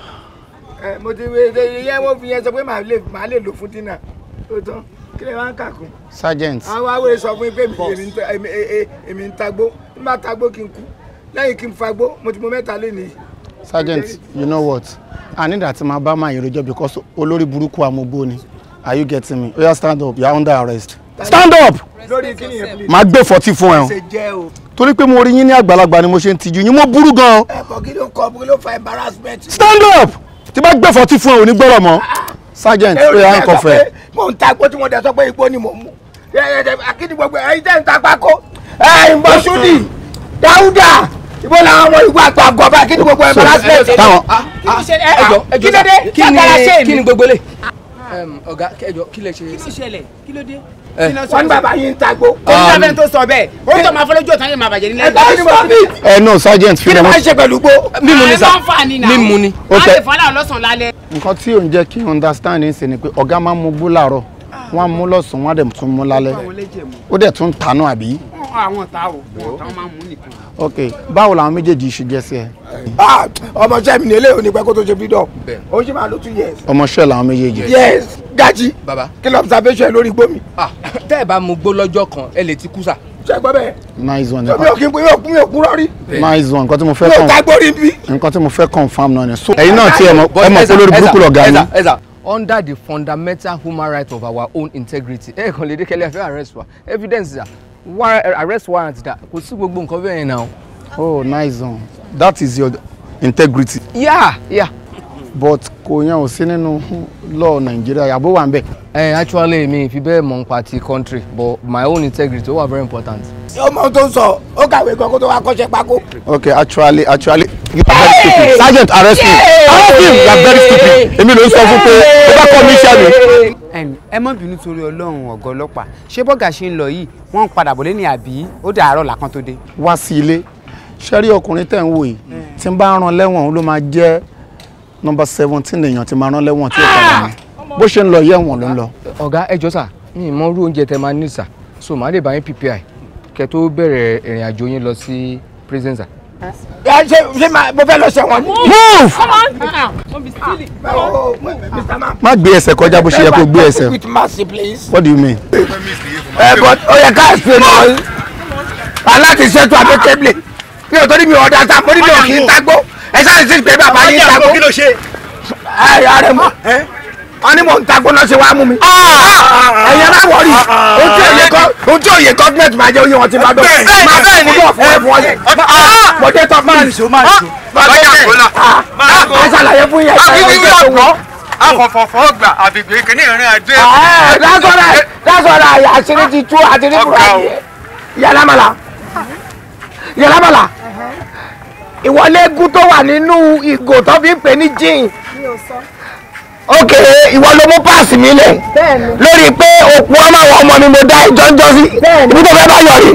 ẹ mo ti wé yẹ wọ́n fi yẹn sọ pé màá lè màá lè lò fún dínà tó tán kí lè wá ń kàkún. sergeant. àwọn awé sọ fún mi pé èmi ń tagbó nígbà tagbó kí n kú lẹ́yìn kí n fagbó mo ti mọ mẹ́ta lé nìyí sergeant you know what i need that my bá máa yẹrọ jọ because Olori buruku amúgbó ni are you getting me oya oh, stand up you are under arrest stand up máa gbé forty fún ẹ o torí pé mo rí yín ní àgbàlagbà ni mo ṣe ń tijú mo burú gan. stand up tí bá gbé forty fún ẹ ò ní gbọ́rọ̀ mọ́ sergeant oya ń kọfẹ́. mo ń ta ipò tí mo dẹ̀ sọ pé ipò ni mo mú akíndìgbọ̀gbẹ̀ ẹ̀yin tẹ̀ ń ta pákó ẹ̀ ìmọ̀ṣúdì dáúdà ibo làwọn ọmọ ìwà àgbà àgọ́ báyìí kí ni gbogbo embarrassment. táwọn ẹjọ ẹjọ sá kí ni ah, kí ni gbogbo lè. Ah. ọ̀gá ẹjọ kí lè ṣe. kí ló ṣẹlẹ̀ kí ló dé. wọ́n ní bàbá yín ń tagbó. èyí náà fẹ́ẹ́ tó sọ bẹ́ẹ̀ ó tọ́ ma fọlọ́jú ọ̀tá yẹn máa bàjẹ́ nílẹ̀. ẹgbẹ́ ni mo ẹ no sergeant fi lẹ́mọ́. kí ló máa ń ṣe pẹ̀lú gbó. mímu ni sà mímu ni. ó tẹ nǹkan tí ò ń understand ní sè ni pé wọ́n mú lọ́sàn-án wọ́n dẹ̀ tún mú lálẹ́ ó dẹ̀ tún tanú àbí. àwọn ta o wọn ta máa mú nìkan. ok báwo làwọn méjèèjì ṣe jẹ́ sí ẹ. Ah, ọmọọṣẹ́ mi ní eléyìí ní pẹ́ kó tó ṣe freedom ó ṣì máa lò two years. ọmọọṣẹ́ làwọn méjèèjì. yes gaji kí ló observation lórí igbó mi. Ah, tẹ́ ẹ bá mu gbó lọ́jọ́ kan ẹ lè ti kú sà ṣe gbọ́ bẹ́ẹ̀. nice one nǹkan tí mo fẹ́ nice one nǹkan tí mo fẹ́ confam nǹkan tí mo fẹ́ confam náà ni. ẹ̀yin náà ti ẹ mọ̀ ẹ mọ̀ pé lórí burúkú lọ gani under the fundamental human right of our own integrity ẹ kàn lè dé kẹlẹ fẹ́ arrest wa evidence da arrest warrant da kò sí gbogbo nǹkan bẹ́ẹ̀ náà. oh nice one that is your integrity. yeah yeah. but kò yẹn ò sí nínú law nàìjíríà àbó wà ń ẹ actually mi fi bẹ́ẹ̀ mọ̀ nípa ti country but my own integrity ó wà very important. ọmọ tó ń sọ ó kàwé kan kó tó wá kọ́ṣẹ́ pákó. okay actually actually you sergeant arrest him arrest him you are very stupid èmi ló ń sọ fún pé ó bá kọ́ mi iṣẹ́ mi. ẹ má bínú torí ọlọ́run ọ̀gá ọlọ́pàá ṣé bọ́gà ṣe ń lọ yìí wọ́n ń padà bọ̀ lẹ́ni àbí ó dàárọ̀ làkàn tó dé. wá sí ilé ṣẹ́rí ọkùnrin tẹ̀ ń wò yìí tí ń bá rán lẹ́wọ̀n ló máa jẹ́ nọmba seventeen èèyàn ti máa rán lẹ́wọ̀n tí ó padà ní bó ṣe ń lọ yẹ̀wọ̀n ló ń lọ. ọ̀gá ẹ jọ sà mi ì mọ irú oúnjẹ tẹ máa ní sà so màá lè bá yín ppi kẹ tó bẹ̀rẹ̀ ìrìn àjò yín lọ sí prison sà ṣe mo fẹ́ lọ sẹ́wọ̀n ni. move. Move! Ah, má gbé ẹsẹ̀ kọjá bó ṣe yẹ kó gbé ẹsẹ̀. what do you mean. ẹ bọ ó yẹ ká ṣe mọ aláti ṣètò àbí ah. kébìlì mi ò tó ní mi ọ̀dà tá mo ní mi ò kì í tágbó ẹ sáré sí pé bàbá yìí tágbó. ààrẹ mọ wọ́n ní mò ń ta gbóná ṣe wá mú mi. Ah! Ah! Ah! ẹ̀yẹ náà wọ̀rí ojú òye kọ́ ojú òye gọ́ọ̀mẹ̀tì máa jẹ́ oyè wọn ti máa dọ̀ máa bẹ́ẹ̀ ni mọ̀jẹ́ tó máa ní. bọ́jà kọ́lá máa ṣàlàyé fún yẹn. akíndínkì ọ̀gbọ́n akọ̀fọ̀fọ̀ gbà àbègbè kìíní ìrìn àjò ẹ̀. lásọ̀rọ̀ lásọ̀rọ̀ àyà àṣírí ti tú àti ní buhari yàlámàlà yàlámàlà ìwọlé egún tó wà nínú ìgò tó fi ń pè ní jíìn. mi ò sọ ok ìwọ ló mú páàsì mi lẹ lórí pé òkú ọmọ àwọn ọmọ mi mo dá ẹjọ́ ń jọ sí ibi tó fẹ́ bá yọ rí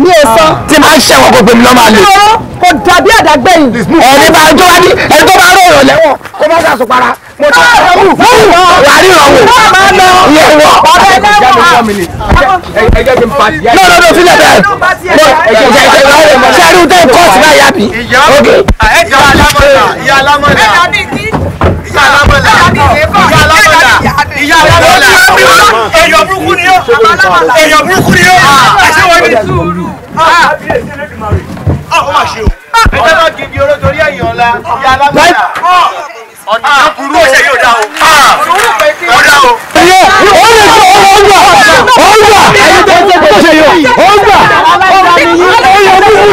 tí máa ń ṣẹ̀wọ̀n gbogbo mi lọ́ máa lè. kò dàbí àdágbẹ́yìn. ẹni bá jó wá ní ẹni tó bá rò rò lẹ́wọ̀n kó má sàṣù para mo ti ah! wà ní ìrànwọ́ ìyẹn wọ. no no no sílẹ̀ bẹ́ẹ̀ sẹ́rù tẹ́ kọ́ọ̀sì báyà bí. ok. ìyá alámọ̀dà ìyá alámọ̀dà ìyá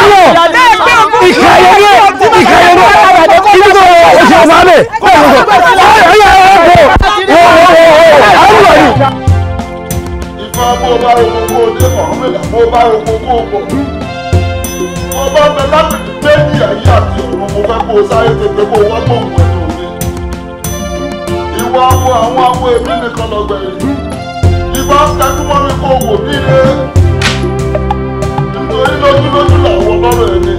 alábọ̀là sílẹ̀ kó o lọ bọ̀ ọ̀yà ọ̀yà ọ̀gbọ̀ ọ̀wọ̀ ọ̀wọ̀ Ifá bó bá ogun kó o dé Mọ̀hámẹ́dà bó bá ogun kó o pọ̀ ọba bẹ lápẹ̀tẹ̀ méjì ayé àti ọ̀run mo fẹ́ kó o sáré tètè kó o wá gbóhùn ẹni òde ìwọ awo àwọn awo èmi nìkan lọ́gbẹ̀rẹ̀ Ifá tẹnu mọ́ mi kó o wò mí lé nítorí lójúlójú làwọn lọ́rọ̀ ẹni.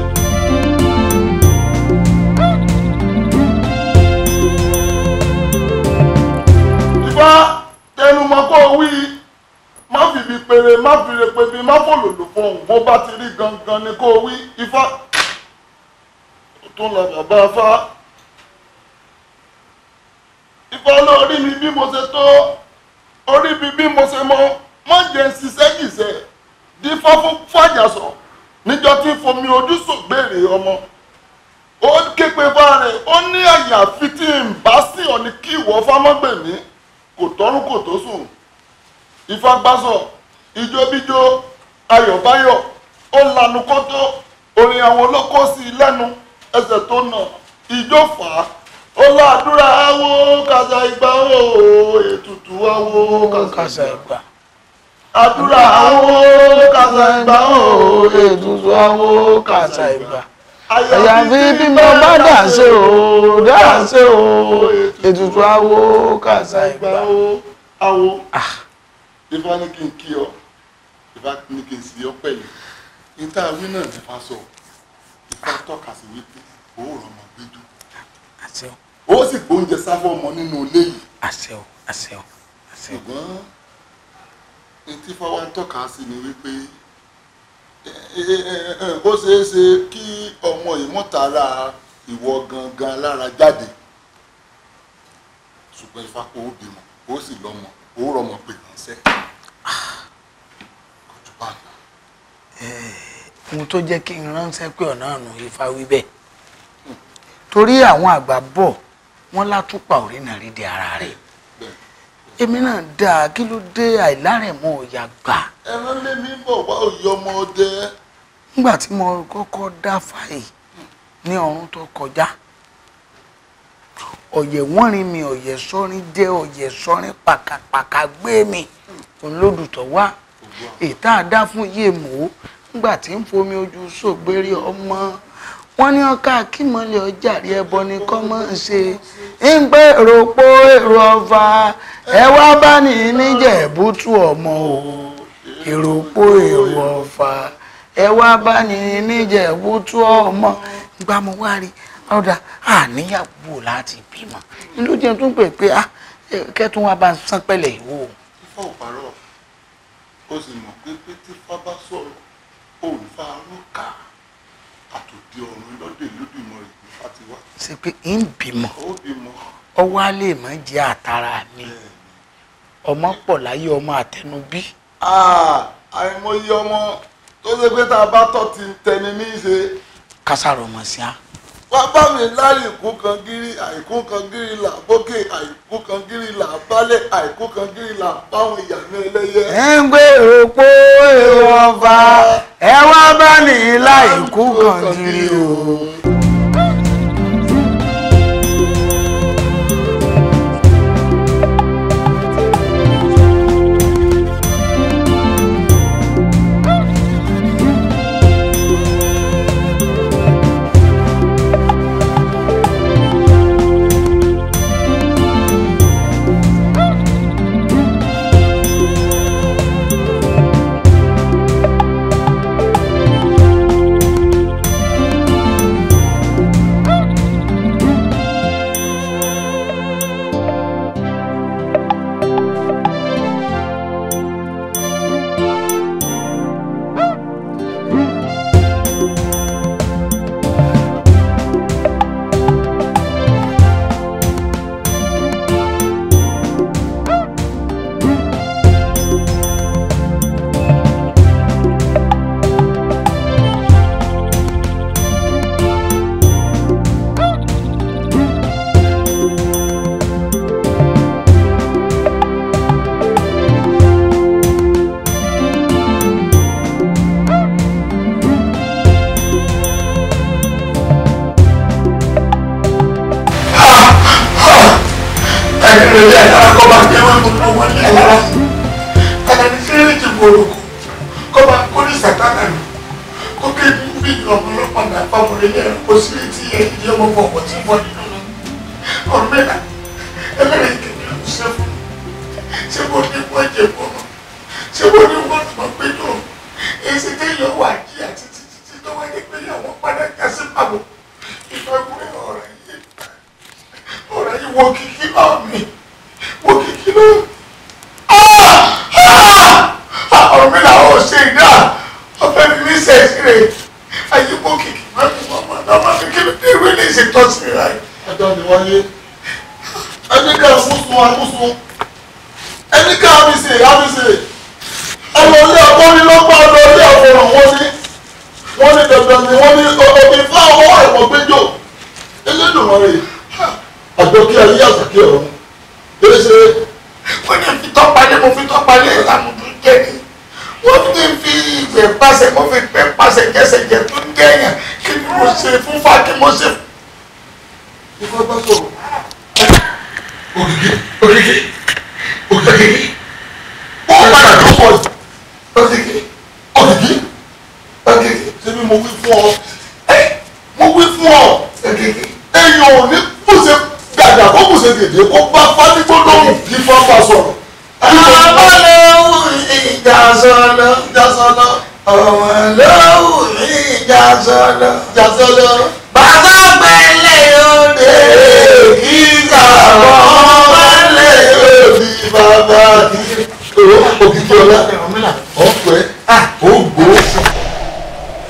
má fi repe mi má fò lòlò fún òun bó bá ti rí gangan ni kó wí ifá tó ń la bàbá afá ifá lórí mi bí mo ṣe tó orí mi bí mo ṣe mọ má jẹ́ ṣiṣẹ́ jìṣẹ́ dífá fún fàjàsọ níjọ tí fomi ojú sògbèrè ọmọ ó ké pe bá rẹ̀ ó ní àyàfi tí ń bá sí ọ ní kí ìwọ fámọ́gbẹ̀mí kò tọ́rùn kò tó sùn ifá gbásọ̀ ìjóbíjó ayọ̀báyọ̀ ó lanu kótó orin àwọn olóko sí i lẹ́nu ẹsẹ̀ tó nà ìjó fà á ó láàdúrà awo kàṣà ìgbà o ètùtù awo kàṣà ìgbà àdúrà awo kàṣà ìgbà o ètùtù awo kàṣà ìgbà àyàfi bí mo bá dà ṣe o dà ṣe o ètùtù awo kàṣà ìgbà o awo ìfanikì ah. kí o bá ní kí n sì ọpẹ́ yìí ní tá a wí náà nípa sọ ìfá tọ́ka sí wípé ó rọ ọmọ gbẹdú ó sì gbóúnjẹ sáfọ ọmọ nínú ilé yìí. àṣẹ o àṣẹ o o. ṣùgbọ́n ní tí fọwọ́ ń tọ́ka sí ni wípé ó ṣeé ṣe kí ọmọ ìmọ̀tara ìwọ gangan lára jáde ṣùgbọ́n ìfapò ó bímọ ó sì lọ́mọ ó rọmọ pè ránṣẹ́. ohun tó jẹ́ kí n ránṣẹ́ pé ọ̀nà àrùn ifá wí bẹ́ẹ̀ torí àwọn àgbà bọ̀ wọ́n látúpà òrí náà rí di ara rẹ̀ èmi náà dáa kí ló dé àìlárẹ̀mọ́ ọ̀yà gbà. ẹran lé mi bọ̀ wá òye ọmọ ọdẹ. nígbà tí mo kọ́kọ́ dá fàyè ní ọ̀run tó kọjá ọ̀yẹ̀ wọ́n rin mi ọ̀yẹ̀ sọ́rin jẹ́ ọ̀yẹ̀ sọ́rin pàkàpàkà gbé mi òun wá ìta àdá fún iye mò ó nígbà tí ń fomi ojú sògbérí ọmọ wọn ní ọkà kímọlẹ ọjàrí ẹbọ ni kọ ń ṣe ń pẹ èrò pó èrò ọfà ẹ wá bá ní níjẹ̀bútú ọmọ o èrò pó èrò ọfà ẹ wá bá ní níjẹ̀bútú ọmọ gbàmọ wá rí ọ̀dà àníyàwó láti bímọ ló jẹun tó pè pé ah, kẹ́tùn wa bá ń sán pẹ̀lẹ́ ìwò. ìfọ̀ọ̀pàrọ̀ ó sì mọ̀ pé pé tí fá bá sọ̀rọ̀ òǹfà rọ́ọ̀kà àtòdì ọ̀run lọ́dẹ lódìmọ̀ rẹ̀ ní fati wá. ṣe pé ń bímọ ọwọ́ á lè mọ̀ jẹ́ àtàrà mi ọmọ pọ̀ láyé ọmọ àtẹnubí. àìmọye ọmọ tó ṣe pé tá a bá tọ́ ti ń tẹni ní í ṣe. kásáró mọ̀ sí á wá bá mi láyé ìkú kan gírí àìkú kan gírí là bókè àìkú kan gírí là bálẹ̀ àìkú kan gírí là báwọn ìyànà ẹlẹ́yẹ. ẹ ń gbé òpó èrò ọba ẹ wá bá mi láyé ìkú kan gírí o.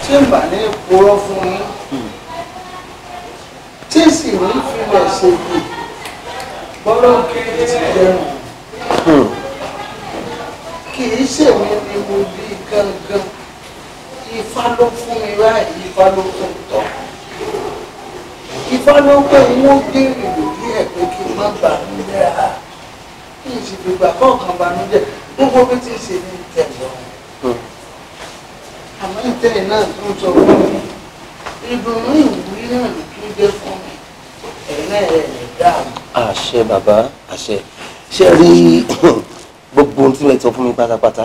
tí n bà ní purọ́ fún yín hmm. tí sì ní fílẹ̀ ṣe yìí bọ́lọ́ kéré ti dẹrùn hmm. kì í ṣèwé ni mo bí gangan ifá ló fún mi báyìí ifá ló tó tọ́ ifá ló pé wọ́n béèrè lórí ẹ̀ pé kí n má bàánú jẹ́ kí n sì fi gbà kọ́ọ̀kan bàánú jẹ́ gbogbo bí tí ṣe ní tẹ̀gbọ́n tẹ̀ náà tó ń sọ fún mi ìdùnnú ìwúrí náà ló tún dé fún mi ẹ̀rín ẹ̀rẹ̀ lè dáàmú. àṣẹ bàbá àṣẹ ṣe rí gbogbo ohun tí wọ́n ti sọ fún mi pátápátá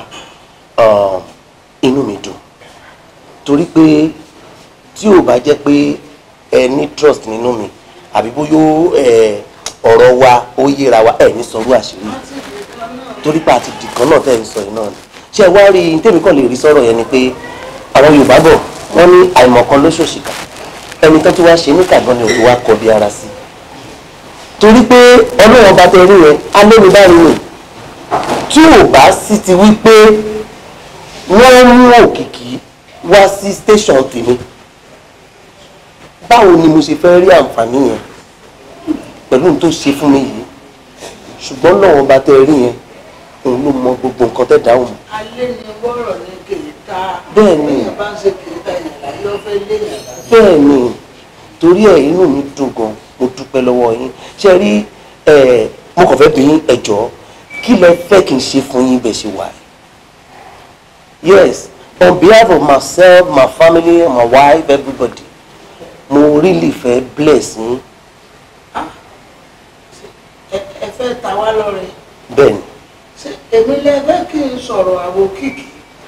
inú mi dùn torí pé tí ò bá jẹ́ pé ẹ ní trust nínú mi àbí bóyá ọ̀rọ̀ wa ó yéra wa ẹ̀ ní sọ̀rọ̀ àṣírí torí pé àti dìkan náà tẹ̀ ń sọ yìí náà ni ṣé ẹ wá rí i tèmi kàn lè rí sọ̀rọ̀ yẹn ni pé àwọn Yorùbá bọ̀ wọ́n ní àìmọ̀kan ló ṣòṣìkà ẹni tó ti wá ṣe níkàgbọ́n ni òun wá kọ bí ara sí torí pé ọlọ́run bá tẹ rí rẹ alẹ́mi bá rí rẹ tí ò bá sì ti wí pé wọ́n mú òkìkí wá sí tẹ̀sán tèmi báwo ni mo ṣe fẹ́ rí àǹfààní yẹn pẹ̀lú tó ṣe fún mi yìí ṣùgbọ́n lọ́wọ́ bá tẹ rí yẹn òun ló mọ gbogbo nǹkan tẹ́ dáhùn. alẹ́ ni wọ́rọ̀ ni bẹ́ẹ̀ni bẹ́ẹ̀ni torí ẹ̀ inú mi dùn gan mo dúpẹ́ lọ́wọ́ yín ṣe rí mo kàn fẹ́ bí yín ẹ̀jọ́ kí lẹ fẹ́ kí n ṣe fún yín bẹ́ẹ̀ ṣe wà yes on behalf of myself my family my wife everybody mo really fẹ́ bless yín. Ah. ẹ fẹ́ ta wá lọ́rẹ. bẹ́ẹ̀ni. èmi lẹ fẹ́ kí n sọ̀rọ̀ àwòkíkì.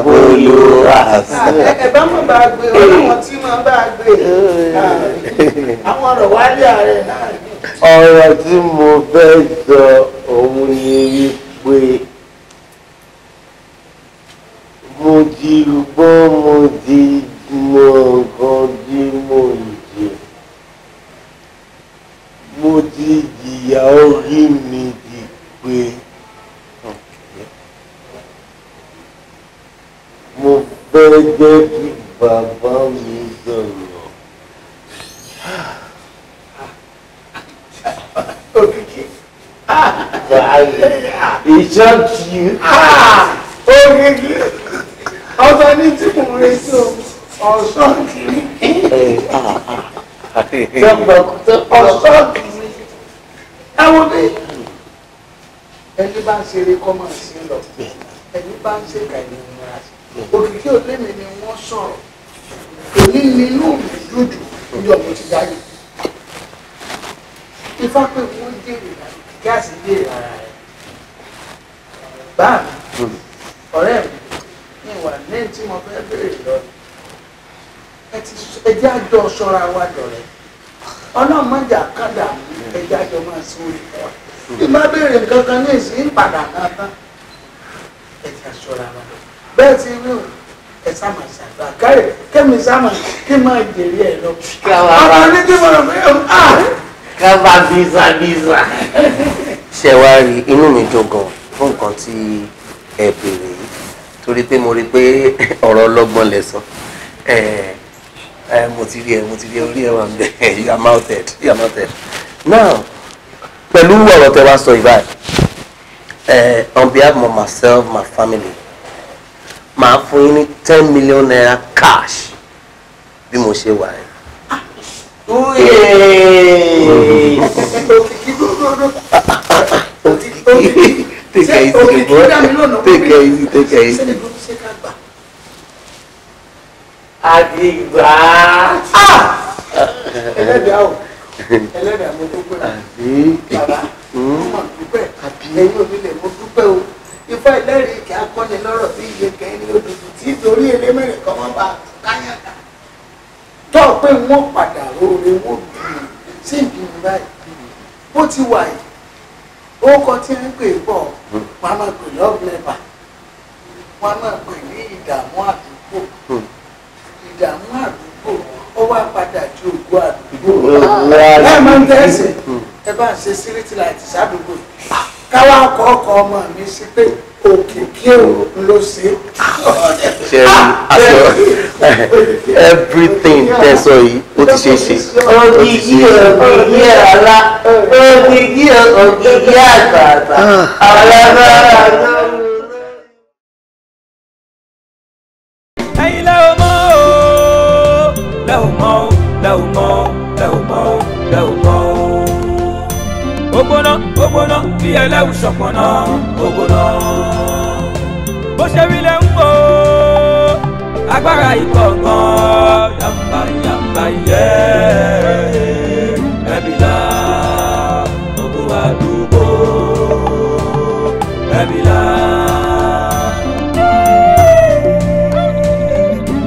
àbólú àṣà. ẹ̀bá mọ̀ bá gbé ọlọ́wọ́n tí máa bá gbé àwọn ọ̀rọ̀ wálé ààrẹ náà. ọ̀rọ̀ tí mo fẹ́ sọ òun ni wípé mo ti gbọ́ mo ti mọ nǹkan bí mo jẹ mo ti jìyà orí mi ti pé. mo fẹ́ jẹ́ kí bàbá mi sọ̀rọ̀. ìṣọ́ọ̀tì ògìgì ọba ní tí mo retí ọ̀ṣọ́ọ̀tì ọ̀ṣọ́ọ̀tì ẹ̀wọ̀n ní ẹni bá ń ṣeré kọ́ máa ṣe lọ ẹni bá ń ṣe kàìmọ̀ ìmúra sí òkìkí òde mi ni wọ́n sọ̀rọ̀ òní ni inú mi dúdú ní ọ̀pọ̀ ti dáyé ifá pé wọ́n jèrè gáàsì lè rárá rẹ̀ bá mi hmm. ọ̀rẹ́ mi ìwà lẹ́yìn tí mo fẹ́ bèrè lọ ẹ jẹ́ àjọ ṣọ́ra wa dọ̀rẹ́ ọlọ́mọdé kádà ẹja jọ máa sí orí wa bí má béèrè nǹkan kan ní ìsìn ìpàdà kan tán ẹ̀jẹ̀ ṣọ́ra wa dọ̀rẹ́ bẹ́ẹ̀ ti rí o ẹ sáàmà ṣàgbà káyọ̀ kẹ́mi sáàmà kí n máa jèrè ẹ lọ. ọmọ ní kí wọ́n rọ̀ pé a. kábà bíza bíza. ṣé wàá rí inú mi jó gan fún nǹkan tí ẹ béèrè yìí torí pé mo rí i pé ọ̀rọ̀ ọlọ́gbọ́n lẹ sọ mo ti rí ẹ mo ti rí ẹ orí ẹ wà ń bẹ you are mounted you are mounted now pẹ̀lú ọ̀rọ̀ tẹ wá sọ ìbáyìí on behalf of myself my family màá fún yín ní ten million naira cash bí mo ṣe wà yẹn. Take it easy, boy. Take it easy, take it easy. Àdìgbà. Ẹlẹ́dàá o, ẹlẹ́dàá mo dúpẹ́. Bàbá, hmm? mo mà dúpẹ́. Ẹ̀yin onílẹ̀ mo dúpẹ́ o ifá ẹlẹ́rìí ìkẹ́ akọni lọ́rọ̀ bí iye kẹ́ni odòdó tí torí elémèrè kan wọ́n bá káyàkà tọ́ pé wọ́n padà oore wọ́n dùn sí ìdùnnú báyìí bó ti wà yìí ó kọ tí ń pè bọ̀ wọ́n máa pè lọ́ọ̀bùnẹ́bà wọ́n máa pè ní ìdààmú àdúgbò ìdààmú àdúgbò ó wá padà ju ògbó àdúgbò láì máa ń tẹ̀sẹ̀ ẹ bá ń ṣe síríìtì láti sádùúgbò yìí káwá kọ́kọ́ ọmọ mi sí pé òkè òun ló ṣe. ṣe aṣọ everything tẹ̀sọ̀ yìí ó ti ṣe é ṣe. ògìgì ògìgì ọ̀la ògìgì ògìgì àgbààgbà ọ̀la bá wà bí ẹlẹ́wù ṣọ̀pọ̀nà ògbóná. bó ṣe wí lẹ́ ń wò ó agbára ìkọ̀ọ̀kan yàmbá yàmbá yẹ ẹbí la gbogbo àdúgbò ẹbí la.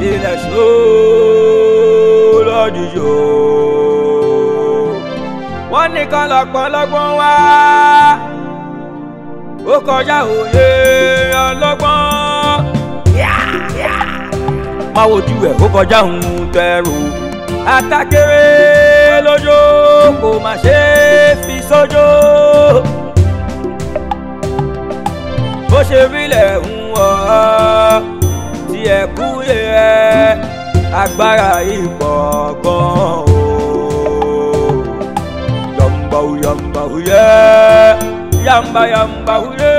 ilẹ̀ ṣó lọ́dún yòó wọ́n nìkan lọ́pọ̀lọpọ̀ wá ó kọjá òye ọlọ́gbọ́n. máa wojú ẹ̀ ó kọjá òun tẹrù. atakere lójó kò má ṣe é fi sójó. bó ṣe rílẹ̀ ń wọ̀ ọ́ tí ẹ kú yẹ ẹ́ agbára ìpọ̀ gan-an yọ̀m̀bọ̀ yọ̀m̀bọ̀ yẹ́. Yeah. yamba yamba hule